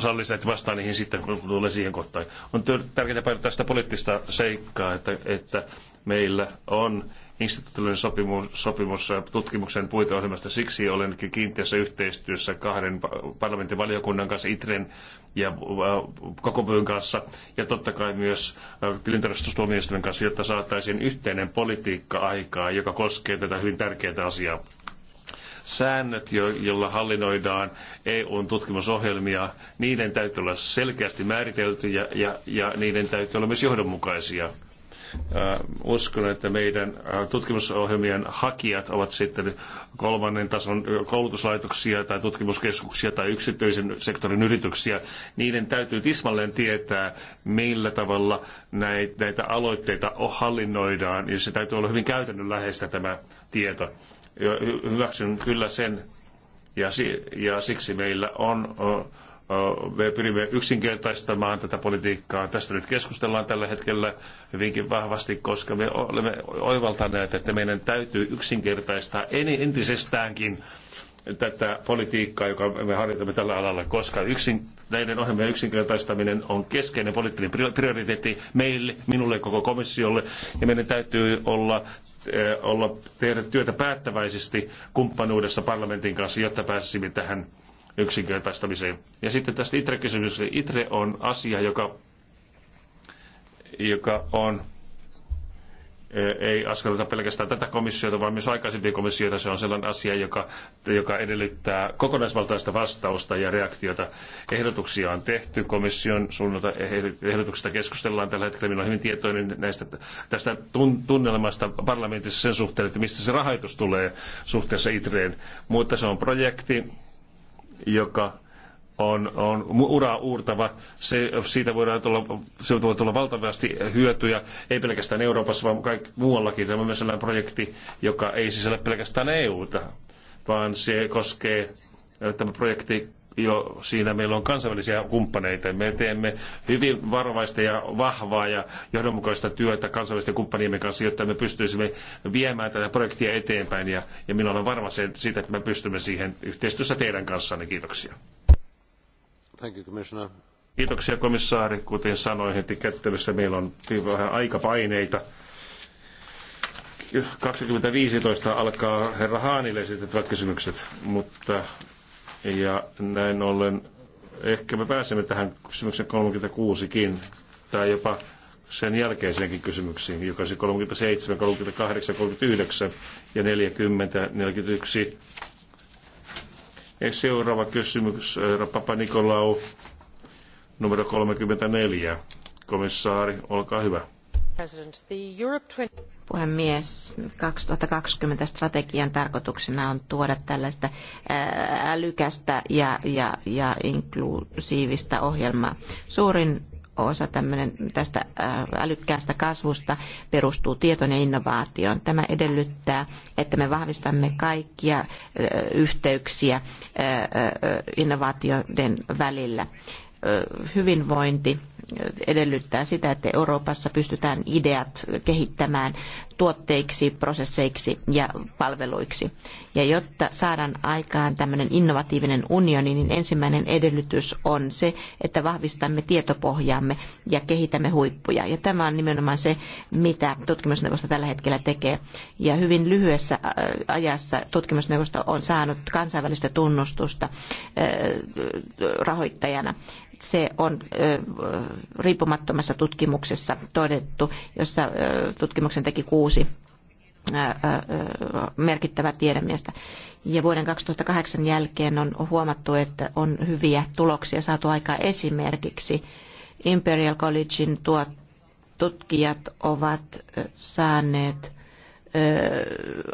sallisi, että vastaan niihin sitten, kun tulee siihen kohtaan. On tärkeää painottaa sitä poliittista seikkaa, että, että meillä on instituutiollinen sopimus, sopimus tutkimuksen puiteohjelmasta. Siksi olenkin kiinteässä yhteistyössä kahden parlamentin valiokunnan kanssa, ITREn ja äh, koko pyyn kanssa ja totta kai myös äh, tilintarkastustuomioistuimen kanssa, jotta saataisiin yhteinen politiikka aikaa, joka koskee tätä hyvin tärkeää asiaa säännöt, joilla hallinnoidaan EUn tutkimusohjelmia, niiden täytyy olla selkeästi määriteltyjä ja, ja, niiden täytyy olla myös johdonmukaisia uskon, että meidän tutkimusohjelmien hakijat ovat sitten kolmannen tason koulutuslaitoksia tai tutkimuskeskuksia tai yksityisen sektorin yrityksiä. Niiden täytyy tismalleen tietää, millä tavalla näitä aloitteita hallinnoidaan, ja se täytyy olla hyvin käytännönläheistä tämä tieto. Hyväksyn kyllä sen, ja siksi meillä on me pyrimme yksinkertaistamaan tätä politiikkaa. Tästä nyt keskustellaan tällä hetkellä hyvinkin vahvasti, koska me olemme oivaltaneet, että meidän täytyy yksinkertaistaa entisestäänkin tätä politiikkaa, joka me harjoitamme tällä alalla, koska yksin, näiden ohjelmien yksinkertaistaminen on keskeinen poliittinen prioriteetti meille, minulle ja koko komissiolle, ja meidän täytyy olla, olla tehdä työtä päättäväisesti kumppanuudessa parlamentin kanssa, jotta pääsisimme tähän yksinkertaistamiseen. Ja sitten tästä ITRE-kysymyksestä. ITRE on asia, joka, joka on e, ei askeleta pelkästään tätä komissiota, vaan myös aikaisempia komissioita. Se on sellainen asia, joka, joka edellyttää kokonaisvaltaista vastausta ja reaktiota. Ehdotuksia on tehty. Komission suunnalta ehdotuksista keskustellaan tällä hetkellä. Minä olen hyvin tietoinen näistä, tästä tunnelmasta parlamentissa sen suhteen, että mistä se rahoitus tulee suhteessa ITREen. Mutta se on projekti, joka on, on uraa uurtava. Se, siitä voidaan tulla, se voi tulla valtavasti hyötyjä, ei pelkästään Euroopassa, vaan kaik, muuallakin. Tämä on myös sellainen projekti, joka ei sisällä pelkästään EUta, vaan se koskee, tämä projekti jo siinä meillä on kansainvälisiä kumppaneita. Me teemme hyvin varovaista ja vahvaa ja johdonmukaista työtä kansainvälisten kumppaniemme kanssa, jotta me pystyisimme viemään tätä projektia eteenpäin. Ja, ja minä olen varma sen, siitä, että me pystymme siihen yhteistyössä teidän kanssanne. Kiitoksia. Thank you, Commissioner. Kiitoksia komissaari. Kuten sanoin heti kättelyssä, meillä on vähän aikapaineita. 2015 alkaa herra Haanille esitettävät kysymykset, mutta ja näin ollen ehkä me pääsemme tähän kysymykseen 36kin tai jopa sen jälkeiseenkin kysymyksiin, joka on 37, 38, 39 ja 40, 41. Ja seuraava kysymys, herra äh, Papa Nikolau, numero 34. Komissaari, olkaa hyvä. President, the Europe 20 puhemies, 2020 strategian tarkoituksena on tuoda tällaista älykästä ja, ja, ja inklusiivista ohjelmaa. Suurin osa tästä älykkäästä kasvusta perustuu tietoon ja innovaatioon. Tämä edellyttää, että me vahvistamme kaikkia yhteyksiä innovaatioiden välillä hyvinvointi edellyttää sitä, että Euroopassa pystytään ideat kehittämään tuotteiksi, prosesseiksi ja palveluiksi. Ja jotta saadaan aikaan tämmöinen innovatiivinen unioni, niin ensimmäinen edellytys on se, että vahvistamme tietopohjaamme ja kehitämme huippuja. Ja tämä on nimenomaan se, mitä tutkimusneuvosto tällä hetkellä tekee. Ja hyvin lyhyessä äh, ajassa tutkimusneuvosto on saanut kansainvälistä tunnustusta äh, rahoittajana se on riippumattomassa tutkimuksessa todettu, jossa tutkimuksen teki kuusi merkittävää tiedemiestä. Ja vuoden 2008 jälkeen on huomattu, että on hyviä tuloksia saatu aikaa esimerkiksi Imperial Collegein tuot, tutkijat ovat saaneet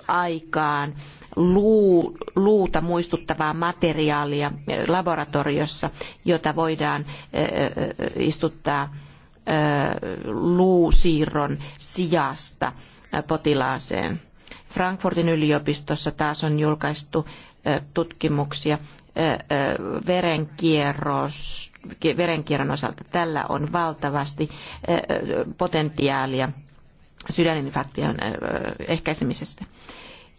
aikaan luu, luuta muistuttavaa materiaalia laboratoriossa, jota voidaan istuttaa luusiirron sijasta potilaaseen. Frankfurtin yliopistossa taas on julkaistu tutkimuksia verenkierros, verenkierron osalta. Tällä on valtavasti potentiaalia sydäninfarktion ehkäisemisestä.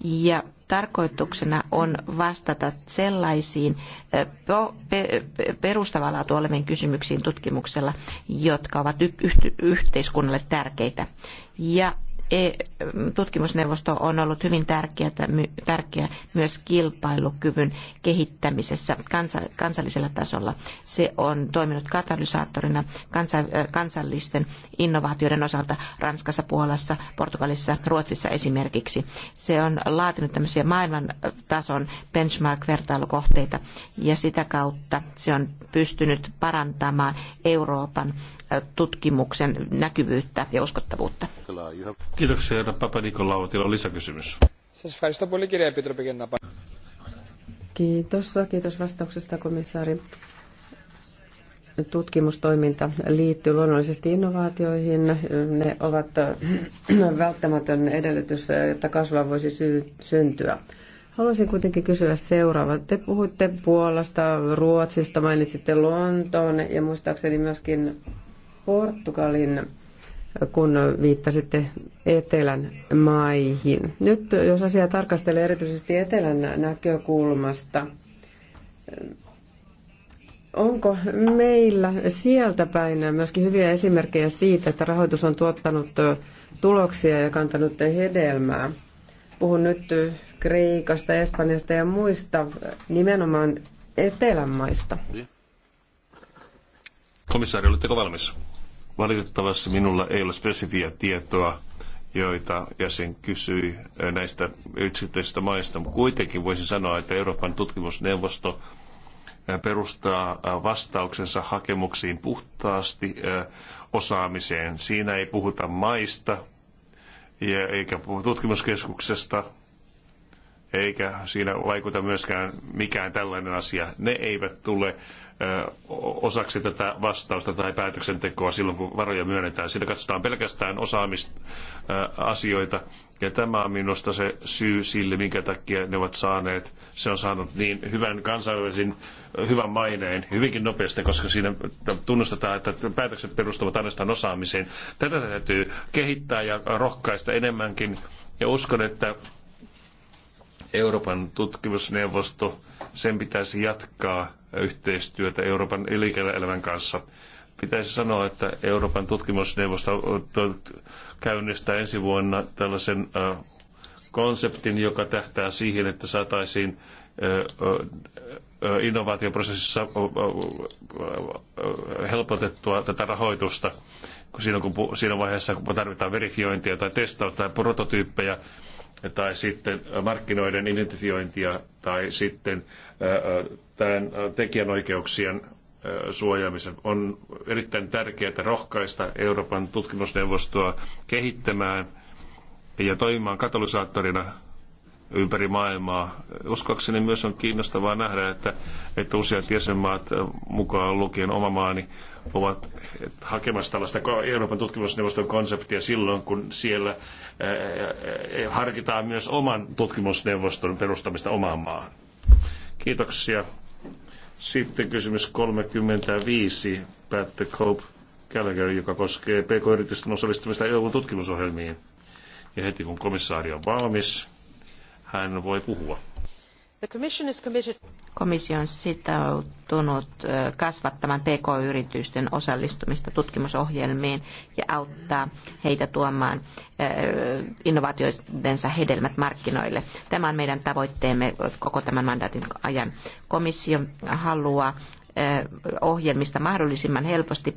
Ja tarkoituksena on vastata sellaisiin perustavaa laatua oleviin kysymyksiin tutkimuksella, jotka ovat yhteiskunnalle tärkeitä. Ja E, tutkimusneuvosto on ollut hyvin tärkeä myös kilpailukyvyn kehittämisessä kansallisella tasolla. Se on toiminut katalysaattorina kansallisten innovaatioiden osalta Ranskassa, Puolassa, Portugalissa, Ruotsissa esimerkiksi. Se on laatinut tämmöisiä maailman tason benchmark-vertailukohteita ja sitä kautta se on pystynyt parantamaan Euroopan tutkimuksen näkyvyyttä ja uskottavuutta. Kiitoksia, herra Papanikolaou. on lisäkysymys. Kiitos, kiitos vastauksesta, komissaari. Tutkimustoiminta liittyy luonnollisesti innovaatioihin. Ne ovat [clears throat] välttämätön edellytys, että kasvua voisi sy- syntyä. Haluaisin kuitenkin kysyä seuraavaa. Te puhuitte Puolasta, Ruotsista, mainitsitte Lontoon ja muistaakseni myöskin Portugalin kun viittasitte etelän maihin. Nyt jos asiaa tarkastelee erityisesti etelän näkökulmasta, onko meillä sieltä päin myöskin hyviä esimerkkejä siitä, että rahoitus on tuottanut tuloksia ja kantanut hedelmää? Puhun nyt Kreikasta, Espanjasta ja muista nimenomaan etelän maista. Komissaari, oletteko valmis? Valitettavasti minulla ei ole spesifiä tietoa, joita jäsen kysyi näistä yksittäisistä maista. Kuitenkin voisin sanoa, että Euroopan tutkimusneuvosto perustaa vastauksensa hakemuksiin puhtaasti osaamiseen. Siinä ei puhuta maista eikä tutkimuskeskuksesta eikä siinä vaikuta myöskään mikään tällainen asia. Ne eivät tule osaksi tätä vastausta tai päätöksentekoa silloin, kun varoja myönnetään. Siinä katsotaan pelkästään osaamisasioita, ja tämä on minusta se syy sille, minkä takia ne ovat saaneet, se on saanut niin hyvän kansainvälisen, hyvän maineen hyvinkin nopeasti, koska siinä tunnustetaan, että päätökset perustuvat ainoastaan osaamiseen. Tätä täytyy kehittää ja rohkaista enemmänkin, ja uskon, että Euroopan tutkimusneuvosto, sen pitäisi jatkaa yhteistyötä Euroopan elinkeinoelämän kanssa. Pitäisi sanoa, että Euroopan tutkimusneuvosto käynnistää ensi vuonna tällaisen konseptin, joka tähtää siihen, että saataisiin innovaatioprosessissa helpotettua tätä rahoitusta siinä vaiheessa, kun tarvitaan verifiointia tai testausta tai prototyyppejä, tai sitten äh, markkinoiden identifiointia tai sitten äh, äh, tämän tekijänoikeuksien suojaamisen. On erittäin tärkeää rohkaista Euroopan tutkimusneuvostoa kehittämään ja toimimaan katalysaattorina ympäri maailmaa. Uskoakseni myös on kiinnostavaa nähdä, että, että useat jäsenmaat, eh, mukaan lukien oma maani, ovat eh, hakemassa tällaista Euroopan tutkimusneuvoston konseptia silloin, kun siellä eh, harkitaan myös oman tutkimusneuvoston perustamista omaan maahan. Kiitoksia. Sitten kysymys 35, Pat the Cope Gallagher, joka koskee pk-yritysten osallistumista EU-tutkimusohjelmiin. Ja heti kun komissaari on valmis, hän voi puhua. Komissio on sitoutunut kasvattamaan PK-yritysten osallistumista tutkimusohjelmiin ja auttaa heitä tuomaan innovaatioidensa hedelmät markkinoille. Tämä on meidän tavoitteemme koko tämän mandaatin ajan. Komissio haluaa ohjelmista mahdollisimman helposti,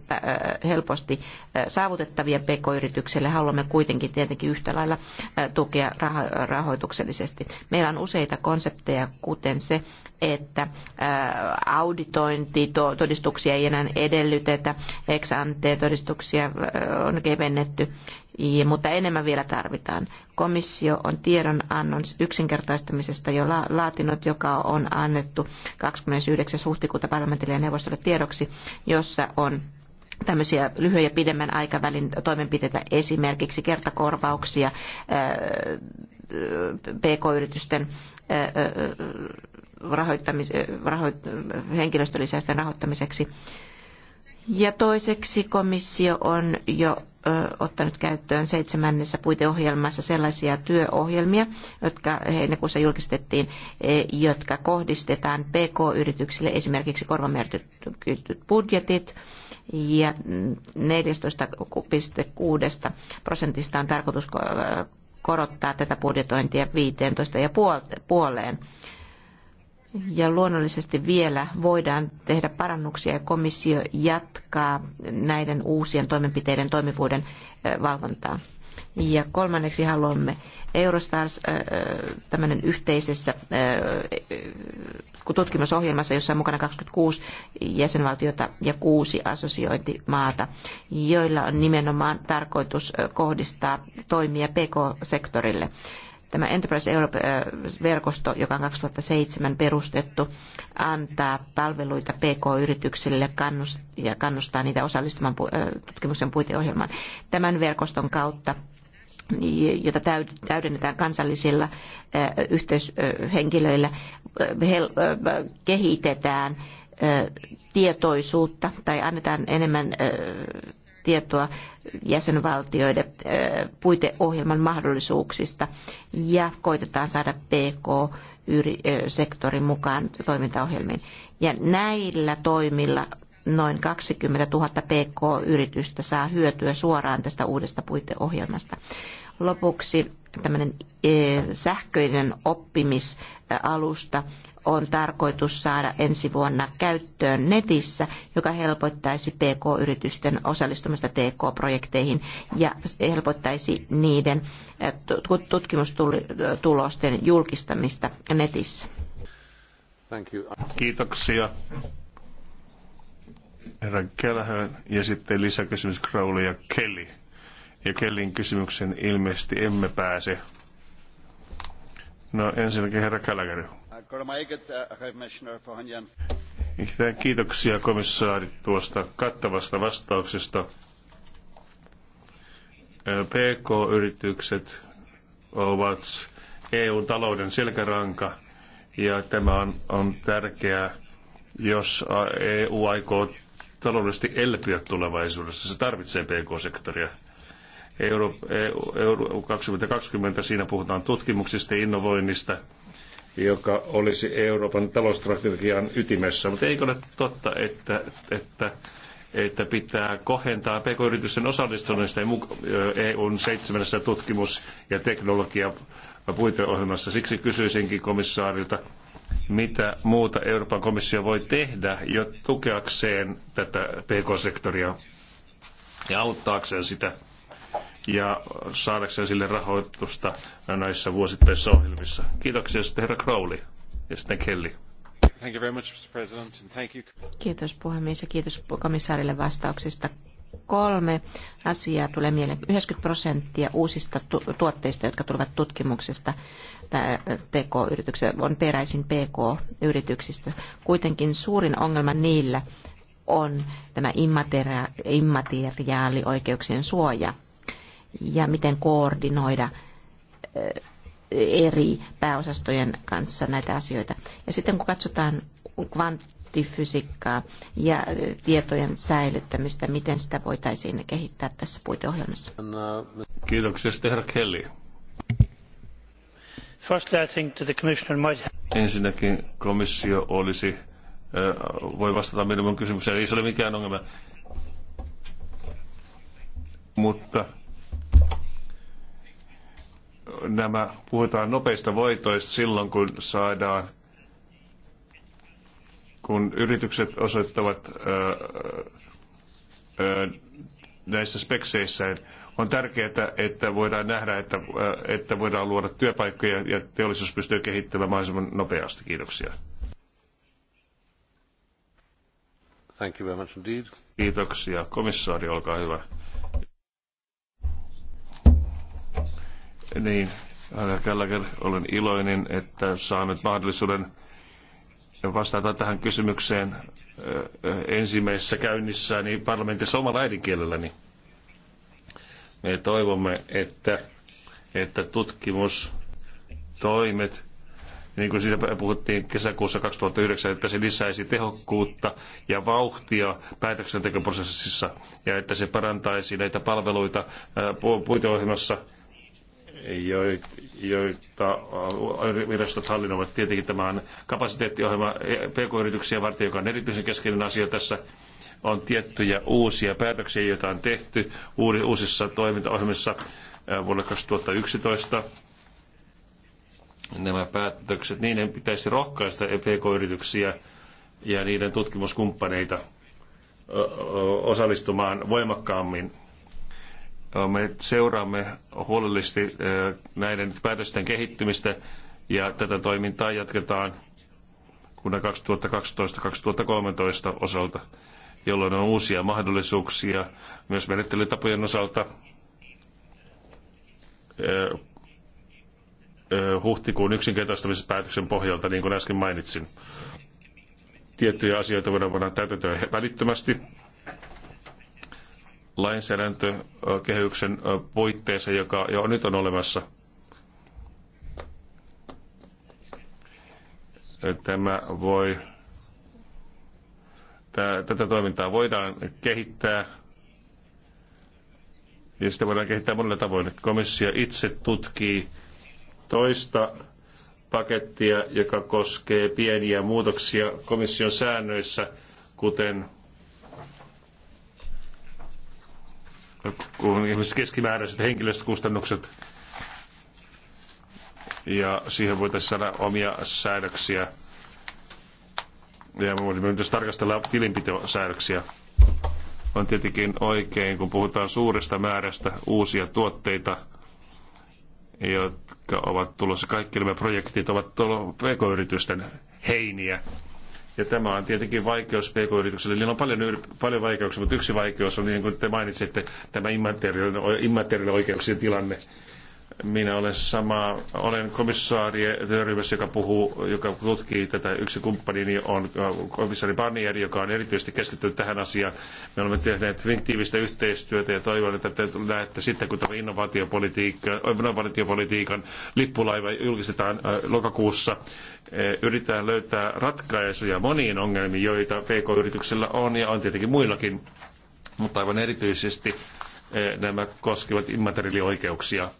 helposti saavutettavia pk yritykselle Haluamme kuitenkin tietenkin yhtä lailla tukea rahoituksellisesti. Meillä on useita konsepteja, kuten se, että auditointi, todistuksia ei enää edellytetä, ex ante todistuksia on kevennetty mutta enemmän vielä tarvitaan. Komissio on tiedonannon yksinkertaistamisesta jo laatinut, joka on annettu 29. huhtikuuta parlamentille ja neuvostolle tiedoksi, jossa on tämmöisiä lyhyen ja pidemmän aikavälin toimenpiteitä, esimerkiksi kertakorvauksia äh, pk-yritysten äh, äh, rahoittamis, henkilöstölisäysten rahoittamiseksi. Ja toiseksi komissio on jo ottanut käyttöön seitsemännessä puiteohjelmassa sellaisia työohjelmia, jotka heinäkuussa julkistettiin, e, jotka kohdistetaan PK-yrityksille esimerkiksi korvamerkityt budjetit, ja 14,6 prosentista on tarkoitus korottaa tätä budjetointia 15 ja puoleen ja luonnollisesti vielä voidaan tehdä parannuksia ja komissio jatkaa näiden uusien toimenpiteiden toimivuuden valvontaa. Ja kolmanneksi haluamme Eurostars tämmöinen yhteisessä tutkimusohjelmassa, jossa on mukana 26 jäsenvaltiota ja kuusi assosiointimaata, joilla on nimenomaan tarkoitus kohdistaa toimia PK-sektorille Tämä Enterprise Europe-verkosto, joka on 2007 perustettu, antaa palveluita PK-yrityksille ja kannustaa niitä osallistumaan tutkimuksen puiteohjelmaan. Tämän verkoston kautta jota täydennetään kansallisilla yhteyshenkilöillä, kehitetään tietoisuutta tai annetaan enemmän tietoa jäsenvaltioiden puiteohjelman mahdollisuuksista ja koitetaan saada PK-sektorin mukaan toimintaohjelmiin. Ja näillä toimilla noin 20 000 PK-yritystä saa hyötyä suoraan tästä uudesta puiteohjelmasta. Lopuksi tämmöinen sähköinen oppimisalusta, on tarkoitus saada ensi vuonna käyttöön netissä, joka helpottaisi PK-yritysten osallistumista TK-projekteihin ja helpottaisi niiden eh, tutkimustulosten julkistamista netissä. Kiitoksia. Herra Kelhön ja sitten lisäkysymys Crowley ja Kelly. Ja Kellin kysymyksen ilmeisesti emme pääse. No ensinnäkin herra Kälkäri. Äh, äh, kiitoksia komissaari tuosta kattavasta vastauksesta. Äh, PK-yritykset ovat EU talouden selkäranka ja tämä on, on tärkeää, jos EU aikoo taloudellisesti elpyä tulevaisuudessa. Se tarvitsee PK-sektoria. Euro, EU, Euro 2020, siinä puhutaan tutkimuksista ja innovoinnista – joka olisi Euroopan talousstrategian ytimessä. Mutta eikö ole totta, että, että, että pitää kohentaa pk-yritysten osallistumista EUn seitsemässä tutkimus- ja teknologiapuiteohjelmassa? Siksi kysyisinkin komissaarilta, mitä muuta Euroopan komissio voi tehdä jo tukeakseen tätä pk-sektoria ja auttaakseen sitä ja saadakseen sille rahoitusta näissä vuosittaisissa ohjelmissa. Kiitoksia sitten herra Crowley ja sitten Kelly. Thank you very much, Mr. President, and thank you. Kiitos puhemies ja kiitos komissaarille vastauksista. Kolme asiaa tulee mieleen. 90 prosenttia uusista tuotteista, jotka tulevat tutkimuksesta TK-yrityksistä, on peräisin PK-yrityksistä. Kuitenkin suurin ongelma niillä on tämä immateria- immateriaalioikeuksien suoja ja miten koordinoida eh, eri pääosastojen kanssa näitä asioita. Ja sitten kun katsotaan kvanttifysiikkaa ja eh, tietojen säilyttämistä, miten sitä voitaisiin kehittää tässä puiteohjelmassa. Kiitoksia, herra Kelly. Firstly, I think that the commissioner might... Ensinnäkin komissio olisi, eh, voi vastata minun kysymykseen, ei se ole mikään ongelma. Mutta nämä, puhutaan nopeista voitoista silloin, kun saadaan, kun yritykset osoittavat ää, ää, näissä spekseissä. on tärkeää, että voidaan nähdä, että, että voidaan luoda työpaikkoja ja teollisuus pystyy kehittämään mahdollisimman nopeasti. Kiitoksia. Thank you very much indeed. Kiitoksia. Komissaari, olkaa hyvä. Niin, Gallagher, olen iloinen, että saan nyt mahdollisuuden vastata tähän kysymykseen eh, eh, ensimmäisessä käynnissä niin parlamentissa omalla äidinkielelläni. Me toivomme, että, että tutkimustoimet, niin kuin siitä puhuttiin kesäkuussa 2009, että se lisäisi tehokkuutta ja vauhtia päätöksentekoprosessissa ja että se parantaisi näitä palveluita eh, puiteohjelmassa – joita äh, virastot hallinnoivat. Tietenkin tämä on kapasiteettiohjelma PK-yrityksiä varten, joka on erityisen keskeinen asia tässä. On tiettyjä uusia päätöksiä, joita on tehty uusissa toimintaohjelmissa äh, vuonna 2011. Nämä päätökset, niiden pitäisi rohkaista PK-yrityksiä ja niiden tutkimuskumppaneita osallistumaan voimakkaammin me seuraamme huolellisesti näiden päätösten kehittymistä ja tätä toimintaa jatketaan vuonna 2012-2013 osalta, jolloin on uusia mahdollisuuksia myös menettelytapojen osalta huhtikuun yksinkertaistamispäätöksen pohjalta, niin kuin äsken mainitsin. Tiettyjä asioita voidaan panna täytäntöön välittömästi, lainsäädäntökehyksen puitteissa, joka jo nyt on olemassa. Tämä voi, tätä toimintaa voidaan kehittää ja sitä voidaan kehittää monella tavoin. Komissio itse tutkii toista pakettia, joka koskee pieniä muutoksia komission säännöissä, kuten kun esimerkiksi keskimääräiset henkilöstökustannukset ja siihen voitaisiin saada omia säädöksiä. Ja me voimme myös tarkastella tilinpitosäädöksiä. On tietenkin oikein, kun puhutaan suuresta määrästä uusia tuotteita, jotka ovat tulossa. Kaikki nämä projektit ovat pk-yritysten heiniä. Ja tämä on tietenkin vaikeus pk-yritykselle. Niillä on paljon, paljon vaikeuksia, mutta yksi vaikeus on, niin kuin te mainitsitte, tämä immateriaalinen oikeuksien tilanne minä olen sama, olen komissaari työryhmässä, joka, puhuu, joka tutkii tätä. Yksi kumppanini on äh, komissaari Barnier, joka on erityisesti keskittynyt tähän asiaan. Me olemme tehneet tiivistä yhteistyötä ja toivon, että te näette sitten, kun tämä innovaatiopolitiikan lippulaiva julkistetaan äh, lokakuussa, äh, yritetään löytää ratkaisuja moniin ongelmiin, joita PK-yrityksillä on ja on tietenkin muillakin, mutta aivan erityisesti nämä koskevat immateriaalioikeuksia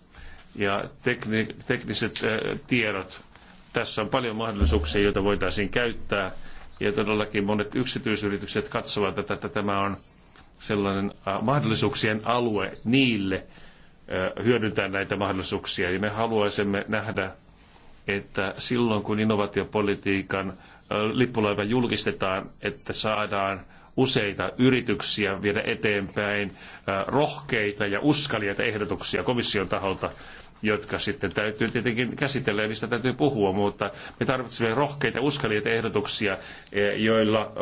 ja tekni, tekniset tiedot. Tässä on paljon mahdollisuuksia, joita voitaisiin käyttää. Ja todellakin monet yksityisyritykset katsovat, että, että tämä on sellainen mahdollisuuksien alue niille hyödyntää näitä mahdollisuuksia. Ja me haluaisimme nähdä, että silloin kun innovaatiopolitiikan lippulaiva julkistetaan, että saadaan useita yrityksiä viedä eteenpäin rohkeita ja uskaliaita ehdotuksia komission taholta jotka sitten täytyy tietenkin käsitellä ja mistä täytyy puhua, mutta me tarvitsemme rohkeita, uskallisia ehdotuksia, eh, joilla,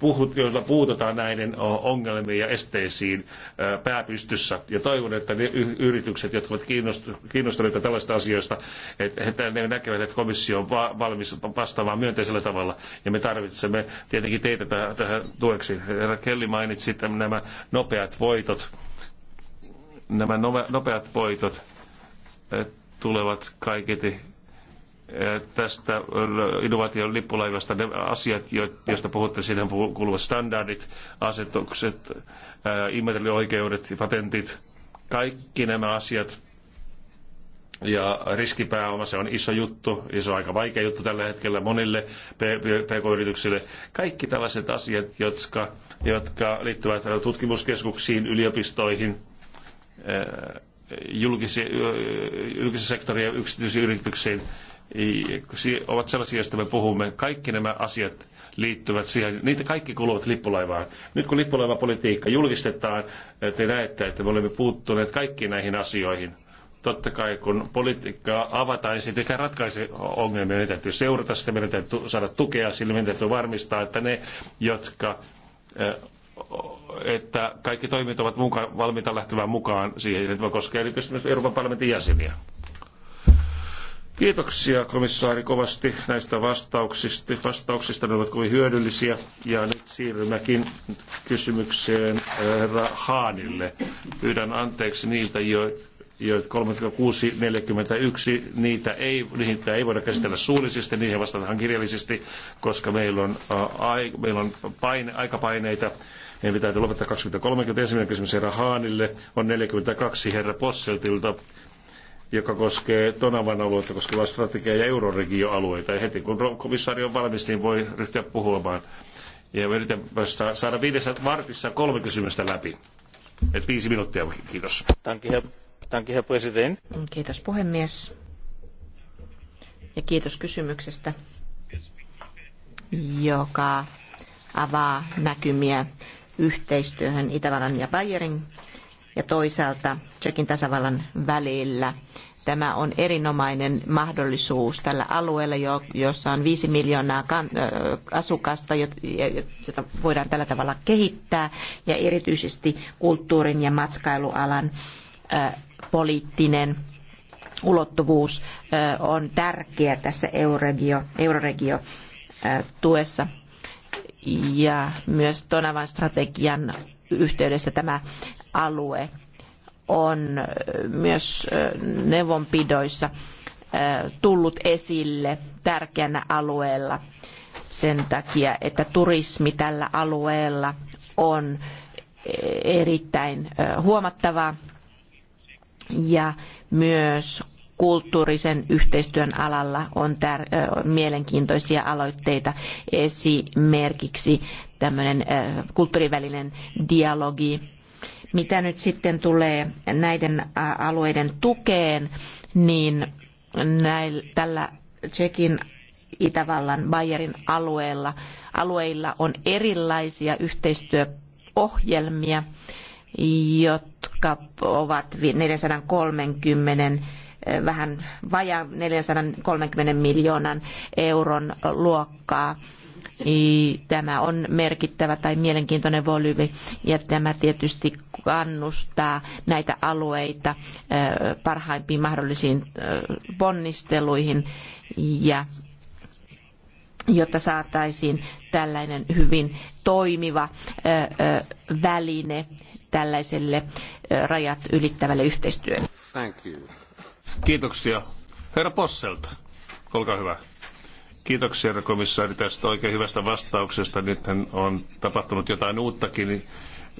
puhut, joilla puututaan näiden ongelmiin ja esteisiin pääpystyssä. Ja toivon, että ne yritykset, jotka ovat kiinnostuneita tällaista asioista, että ne näkevät, että komissio on valmis vastaamaan myönteisellä tavalla. Ja me tarvitsemme tietenkin teitä tähän tueksi. Herra Kelli mainitsi nämä nopeat voitot nämä nopeat voitot eh, tulevat kaiketi eh, tästä eh, innovaation lippulaivasta ne asiat, joista puhutte, siinä kuuluvat standardit, asetukset, immateriaalioikeudet ja patentit, kaikki nämä asiat. Ja riskipääoma, se on iso juttu, iso aika vaikea juttu tällä hetkellä monille pk-yrityksille. Kaikki tällaiset asiat, jotka, jotka liittyvät tutkimuskeskuksiin, yliopistoihin – julkisen, sektorin ja yksityisiin yrityksiin ovat sellaisia, joista me puhumme. Kaikki nämä asiat liittyvät siihen, niitä kaikki kuuluvat lippulaivaan. Nyt kun lippulaivapolitiikka julkistetaan, te näette, että me olemme puuttuneet kaikkiin näihin asioihin. Totta kai, kun politiikkaa avataan, niin sitten tietenkään ratkaise ongelmia. Meidän täytyy seurata sitä, meidän täytyy saada tukea sille, meidän täytyy varmistaa, että ne, jotka että kaikki toimijat ovat mukaan, valmiita lähtemään mukaan siihen, että koskee erityisesti myös Euroopan parlamentin jäseniä. Kiitoksia komissaari kovasti näistä vastauksista. Vastauksista ne ovat kovin hyödyllisiä. Ja nyt siirrymmekin kysymykseen eh, herra Haanille. Pyydän anteeksi niiltä, joita 36.41, niitä ei, niitä ei voida käsitellä suullisesti, niihin vastataan kirjallisesti, koska meillä on, eh, ai, meillä on paine, aikapaineita. Eli täytyy lopettaa 20.30. Ensimmäinen kysymys herra Haanille on 42 herra Posseltilta joka koskee Tonavan aluetta koskevaa strategiaa ja euroregioalueita. Ja heti kun komissaari on valmis, niin voi ryhtyä puhumaan. Ja yritän saada viidessä vartissa kolme kysymystä läpi. Et viisi minuuttia, kiitos. Kiitos puhemies. Ja kiitos kysymyksestä, joka avaa näkymiä yhteistyöhön Itävallan ja Bayerin ja toisaalta Tsekin tasavallan välillä. Tämä on erinomainen mahdollisuus tällä alueella, jossa on viisi miljoonaa asukasta, jota voidaan tällä tavalla kehittää, ja erityisesti kulttuurin ja matkailualan poliittinen ulottuvuus on tärkeä tässä Euroregio, Euroregio tuessa ja myös Tonavan strategian yhteydessä tämä alue on myös neuvonpidoissa tullut esille tärkeänä alueella sen takia, että turismi tällä alueella on erittäin huomattavaa ja myös kulttuurisen yhteistyön alalla on tär- mielenkiintoisia aloitteita, esimerkiksi tämmöinen kulttuurivälinen dialogi. Mitä nyt sitten tulee näiden alueiden tukeen, niin näillä, tällä Tsekin Itävallan Bayerin alueella alueilla on erilaisia yhteistyöohjelmia, jotka ovat 430 vähän vajaa 430 miljoonan euron luokkaa. Tämä on merkittävä tai mielenkiintoinen volyymi ja tämä tietysti kannustaa näitä alueita parhaimpiin mahdollisiin ponnisteluihin ja jotta saataisiin tällainen hyvin toimiva väline tällaiselle rajat ylittävälle yhteistyölle. Thank you. Kiitoksia. Herra Posselta, olkaa hyvä. Kiitoksia, herra komissaari, tästä oikein hyvästä vastauksesta. Nyt on tapahtunut jotain uuttakin.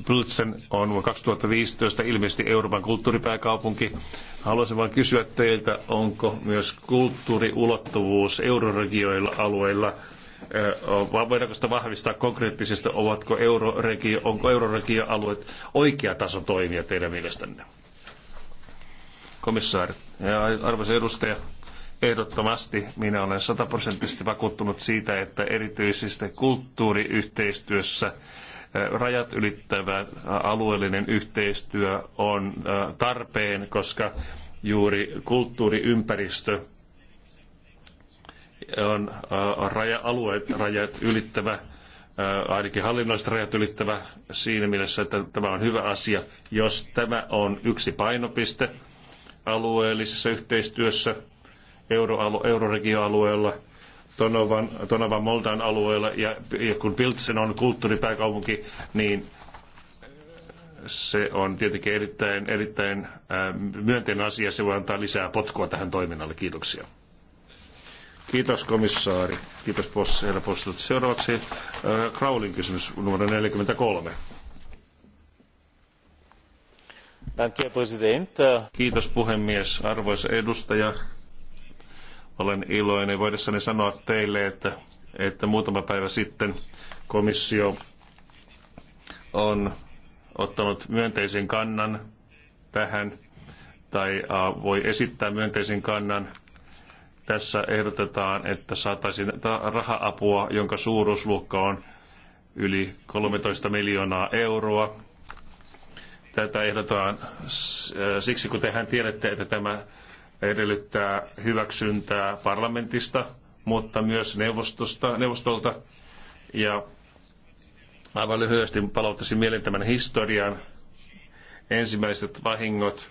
Plutsen on vuonna 2015 ilmeisesti Euroopan kulttuuripääkaupunki. Haluaisin vain kysyä teiltä, onko myös kulttuuriulottuvuus euroregioilla alueilla eh, voidaanko sitä vahvistaa konkreettisesti, ovatko euroregio, onko euroregioalueet oikea taso toimia teidän mielestänne? komissaari. Arvoisa edustaja, ehdottomasti minä olen sataprosenttisesti vakuuttunut siitä, että erityisesti kulttuuriyhteistyössä eh, rajat ylittävä eh, alueellinen yhteistyö on eh, tarpeen, koska juuri kulttuuriympäristö on raja-alueet, rajat ylittävä ainakin hallinnolliset rajat ylittävä siinä mielessä, että tämä on hyvä asia, jos tämä on yksi painopiste alueellisessa yhteistyössä euro, euroregioalueella, Tonovan, Tonovan Moldan alueella ja, ja kun Piltsen on kulttuuripääkaupunki, niin se on tietenkin erittäin, erittäin myönteinen asia. Se voi antaa lisää potkua tähän toiminnalle. Kiitoksia. Kiitos komissaari. Kiitos herra Seuraavaksi Kraulin kysymys numero 43. Kiitos puhemies, arvoisa edustaja. Olen iloinen voidessani sanoa teille, että, että muutama päivä sitten komissio on ottanut myönteisen kannan tähän tai voi esittää myönteisen kannan. Tässä ehdotetaan, että saataisiin raha-apua, jonka suuruusluokka on yli 13 miljoonaa euroa Tätä ehdotaan siksi, kun tehän tiedätte, että tämä edellyttää hyväksyntää parlamentista, mutta myös neuvostosta, neuvostolta. Ja aivan lyhyesti palauttaisin mieleen tämän historian. Ensimmäiset vahingot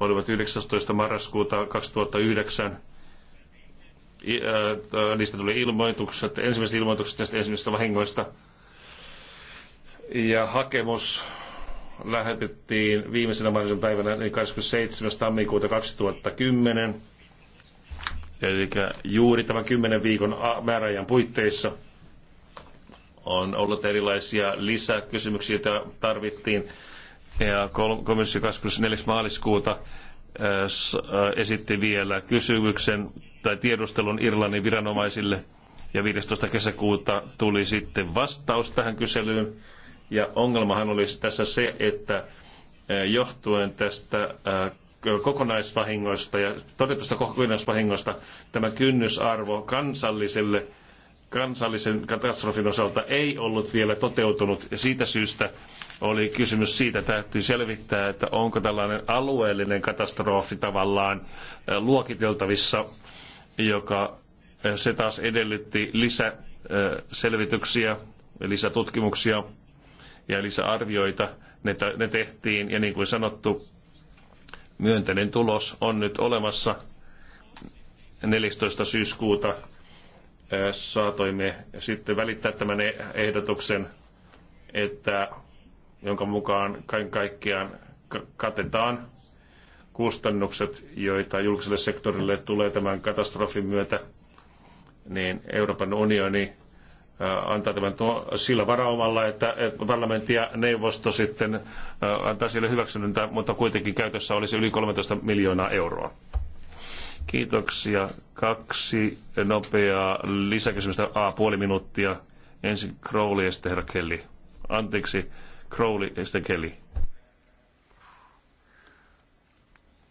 olivat 19. marraskuuta 2009. Niistä tuli ilmoitukset, ensimmäiset ilmoitukset näistä ensimmäisistä vahingoista. Ja hakemus lähetettiin viimeisenä mahdollisen päivänä, eli 27. tammikuuta 2010, eli juuri tämän 10 viikon määräajan puitteissa on ollut erilaisia lisäkysymyksiä, joita tarvittiin. Ja komissio 24. maaliskuuta esitti vielä kysymyksen tai tiedustelun Irlannin viranomaisille. Ja 15. kesäkuuta tuli sitten vastaus tähän kyselyyn ja ongelmahan oli tässä se, että johtuen tästä kokonaisvahingoista ja todetusta kokonaisvahingoista tämä kynnysarvo kansalliselle kansallisen katastrofin osalta ei ollut vielä toteutunut. Ja siitä syystä oli kysymys siitä, että täytyy selvittää, että onko tällainen alueellinen katastrofi tavallaan luokiteltavissa, joka se taas edellytti lisäselvityksiä, lisätutkimuksia ja lisäarvioita. Ne, ne tehtiin ja niin kuin sanottu, myönteinen tulos on nyt olemassa 14. syyskuuta saatoimme sitten välittää tämän e-, ehdotuksen, että jonka mukaan kaiken kaikkiaan katetaan kustannukset, joita julkiselle sektorille tulee tämän katastrofin myötä, niin Euroopan unioni Äh, antaa tämän tuo, sillä varaumalla, että parlamentti ja neuvosto sitten äh, antaa sille hyväksynnän, mutta kuitenkin käytössä olisi yli 13 miljoonaa euroa. Kiitoksia. Kaksi nopeaa lisäkysymystä. A, puoli minuuttia. Ensin Crowley ja sitten herra Kelly. Anteeksi, Crowley ja sitten Kelly.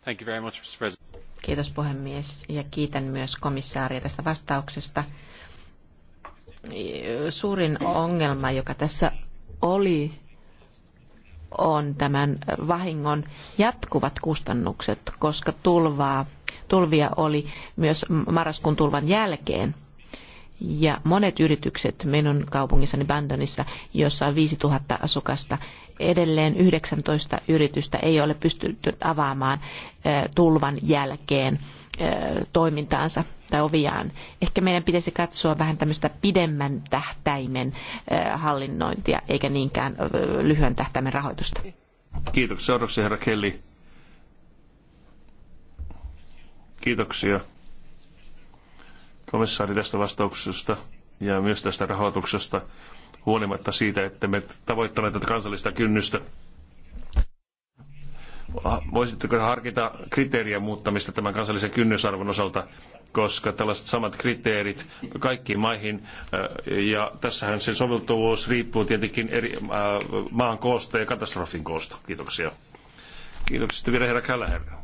Thank you very much, Mr. President. Kiitos puhemies ja kiitän myös komissaaria tästä vastauksesta. Suurin ongelma, joka tässä oli, on tämän vahingon jatkuvat kustannukset, koska tulvaa, tulvia oli myös marraskuun tulvan jälkeen. Ja monet yritykset minun kaupungissani Bandonissa, jossa on 5000 asukasta, edelleen 19 yritystä ei ole pystytty avaamaan tulvan jälkeen toimintaansa tai oviaan. Ehkä meidän pitäisi katsoa vähän tämmöistä pidemmän tähtäimen hallinnointia, eikä niinkään lyhyen tähtäimen rahoitusta. Kiitoksia. Seuraavaksi herra Kelly. Kiitoksia komissaari tästä vastauksesta ja myös tästä rahoituksesta huolimatta siitä, että me tavoittamme tätä kansallista kynnystä. Voisitteko harkita kriteerien muuttamista tämän kansallisen kynnysarvon osalta, koska tällaiset samat kriteerit kaikkiin maihin, äh, ja tässähän sen soveltuvuus riippuu tietenkin eri äh, maan koosta ja katastrofin koosta. Kiitoksia. Kiitoksia vielä herra Källäherra.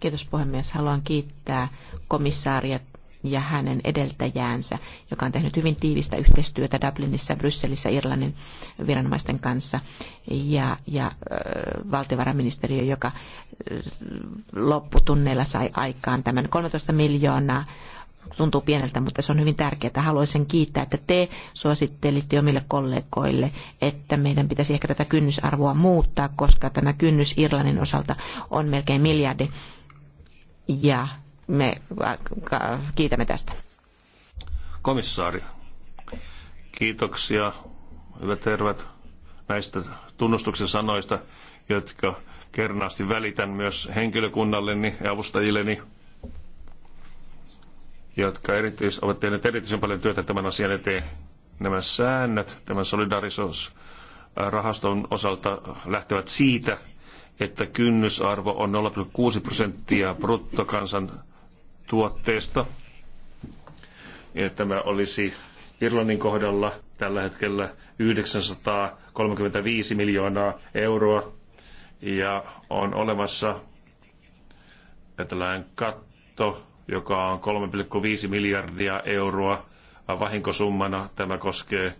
Kiitos puhemies. Haluan kiittää komissaaria ja hänen edeltäjäänsä, joka on tehnyt hyvin tiivistä yhteistyötä Dublinissa, Brysselissä, Irlannin viranomaisten kanssa ja, ja valtiovarainministeriö, joka lopputunneilla sai aikaan tämän 13 miljoonaa tuntuu pieneltä, mutta se on hyvin tärkeää. Haluaisin kiittää, että te suosittelitte omille kollegoille, että meidän pitäisi ehkä tätä kynnysarvoa muuttaa, koska tämä kynnys Irlannin osalta on melkein miljardi. Ja me kiitämme tästä. Komissaari, kiitoksia, hyvät tervet, näistä tunnustuksen sanoista, jotka kernaasti välitän myös henkilökunnalleni ja avustajilleni, jotka erityis, ovat tehneet erityisen paljon työtä tämän asian eteen. Nämä säännöt tämän solidarisuusrahaston osalta lähtevät siitä, että kynnysarvo on 0,6 prosenttia bruttokansan tuotteesta. Ja tämä olisi Irlannin kohdalla tällä hetkellä 935 miljoonaa euroa ja on olemassa tällainen katto, joka on 3,5 miljardia euroa vahinkosummana. Tämä koskee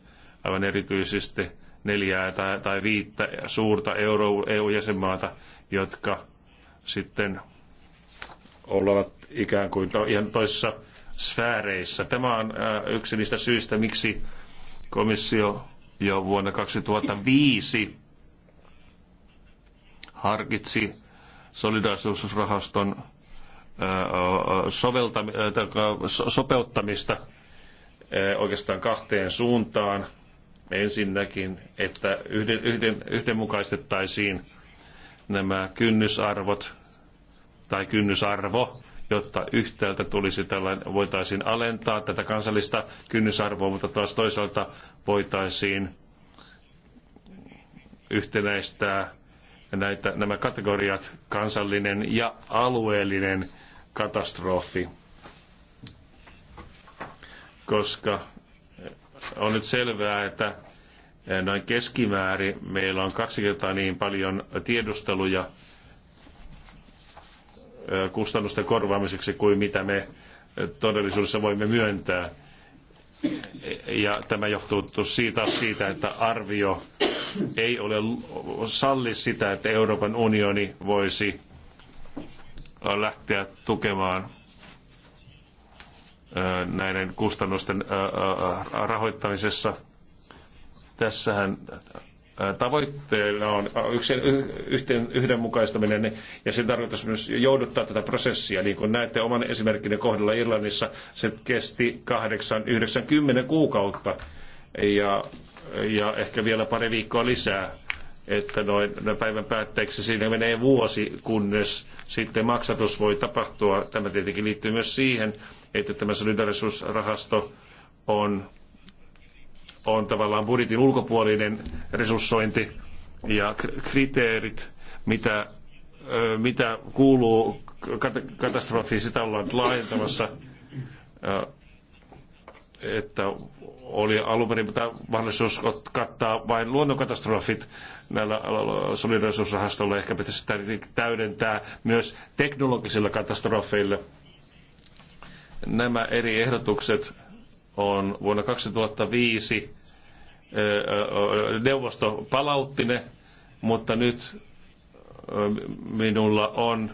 aivan erityisesti neljää tai, tai viittä suurta euro, EU-jäsenmaata, jotka sitten ovat ikään kuin to, ihan toisissa sfääreissä. Tämä on yksi niistä syistä, miksi komissio jo vuonna 2005 harkitsi solidaarisuusrahaston sopeuttamista oikeastaan kahteen suuntaan. Ensinnäkin, että yhden, yhden, yhdenmukaistettaisiin nämä kynnysarvot tai kynnysarvo jotta yhtäältä tulisi tällainen, voitaisiin alentaa tätä kansallista kynnysarvoa, mutta taas toisaalta voitaisiin yhtenäistää näitä, nämä kategoriat, kansallinen ja alueellinen katastrofi, koska on nyt selvää, että noin keskimäärin meillä on kaksi kertaa niin paljon tiedusteluja kustannusten korvaamiseksi kuin mitä me todellisuudessa voimme myöntää. Ja tämä johtuu siitä, siitä, että arvio ei ole salli sitä, että Euroopan unioni voisi lähteä tukemaan näiden kustannusten rahoittamisessa. Tässähän tavoitteena on yksin, yhteen, yhdenmukaistaminen ja sen tarkoitus myös jouduttaa tätä prosessia. Niin kuin näette oman esimerkkinne kohdalla Irlannissa, se kesti 8-90 kuukautta ja, ja ehkä vielä pari viikkoa lisää että noin no päivän päätteeksi siinä menee vuosi, kunnes sitten maksatus voi tapahtua. Tämä tietenkin liittyy myös siihen, että tämä solidarisuusrahasto on on tavallaan budjetin ulkopuolinen resurssointi ja kriteerit, mitä, mitä kuuluu katastrofiin, sitä ollaan laajentamassa, että oli alun perin mahdollisuus kattaa vain luonnonkatastrofit näillä solidarisuusrahastolla. Ehkä pitäisi sitä täydentää myös teknologisilla katastrofeilla. Nämä eri ehdotukset on vuonna 2005 neuvosto palautti ne, mutta nyt minulla on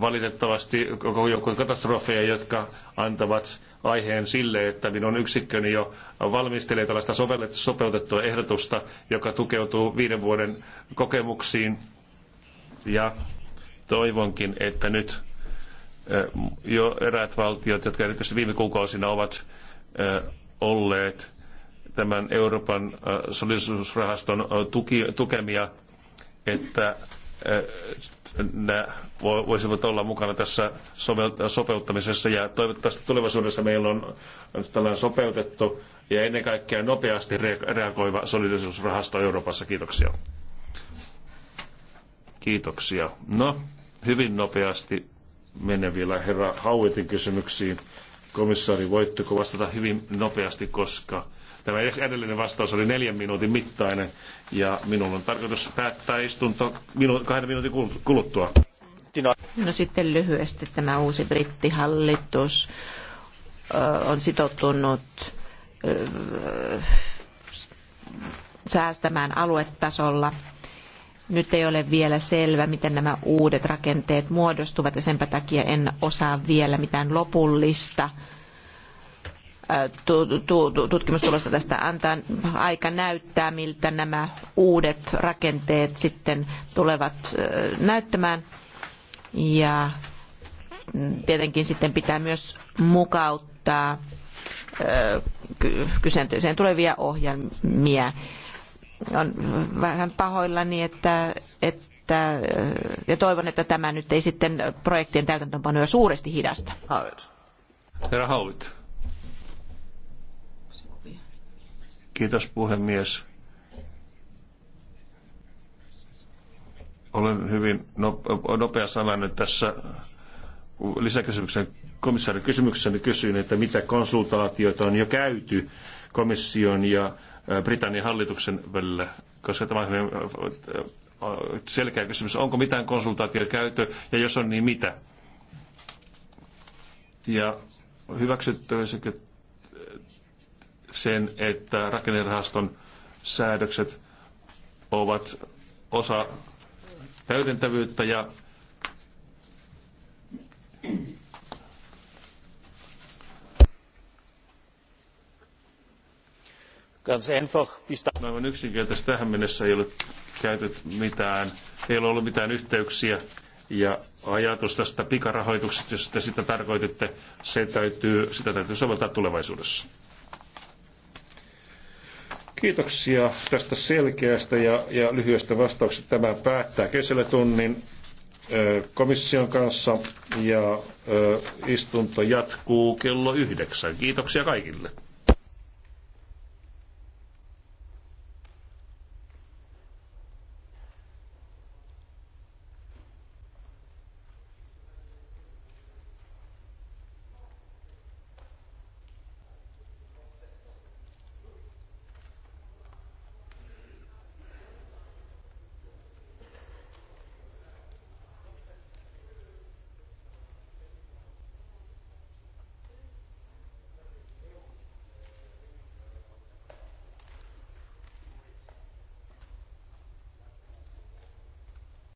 valitettavasti koko joukko katastrofeja, jotka antavat aiheen sille, että minun yksikköni jo valmistelee tällaista sopeutettua ehdotusta, joka tukeutuu viiden vuoden kokemuksiin. Ja toivonkin, että nyt jo eräät valtiot, jotka erityisesti viime kuukausina ovat olleet tämän Euroopan solidarisuusrahaston tukemia, että ne voisivat olla mukana tässä sopeuttamisessa ja toivottavasti tulevaisuudessa meillä on tällainen sopeutettu ja ennen kaikkea nopeasti reagoiva solidarisuusrahasto Euroopassa. Kiitoksia. Kiitoksia. No, hyvin nopeasti menen vielä herra Hauetin kysymyksiin Komissaari, voitteko vastata hyvin nopeasti, koska tämä edellinen vastaus oli neljän minuutin mittainen ja minulla on tarkoitus päättää istunto minu- kahden minuutin kuluttua. No sitten lyhyesti tämä uusi brittihallitus on sitoutunut säästämään aluetasolla nyt ei ole vielä selvä, miten nämä uudet rakenteet muodostuvat ja senpä takia en osaa vielä mitään lopullista tutkimustulosta tästä antaa. Aika näyttää, miltä nämä uudet rakenteet sitten tulevat näyttämään. Ja tietenkin sitten pitää myös mukauttaa kyseiseen tulevia ohjelmia on vähän pahoillani, että, että, ja toivon, että tämä nyt ei sitten projektien täytäntöönpanoja suuresti hidasta. Howard. Herra Howard. Kiitos puhemies. Olen hyvin nopea sananen tässä lisäkysymyksen komission kysymyksessäni kysyin, että mitä konsultaatioita on jo käyty komission ja Britannian hallituksen välillä, koska tämä on selkeä kysymys. Onko mitään konsultaatiota käyty ja jos on, niin mitä? Ja hyväksyttäisikö sen, että rakennerahaston säädökset ovat osa täydentävyyttä ja Ganz einfach. Aivan yksinkertaisesti tähän mennessä ei ole käytetty mitään, ei ole ollut mitään yhteyksiä ja ajatus tästä pikarahoituksesta, jos te sitä tarkoititte, se täytyy, sitä täytyy soveltaa tulevaisuudessa. Kiitoksia tästä selkeästä ja, ja lyhyestä vastauksesta. Tämä päättää kyselytunnin komission kanssa ja istunto jatkuu kello yhdeksän. Kiitoksia kaikille.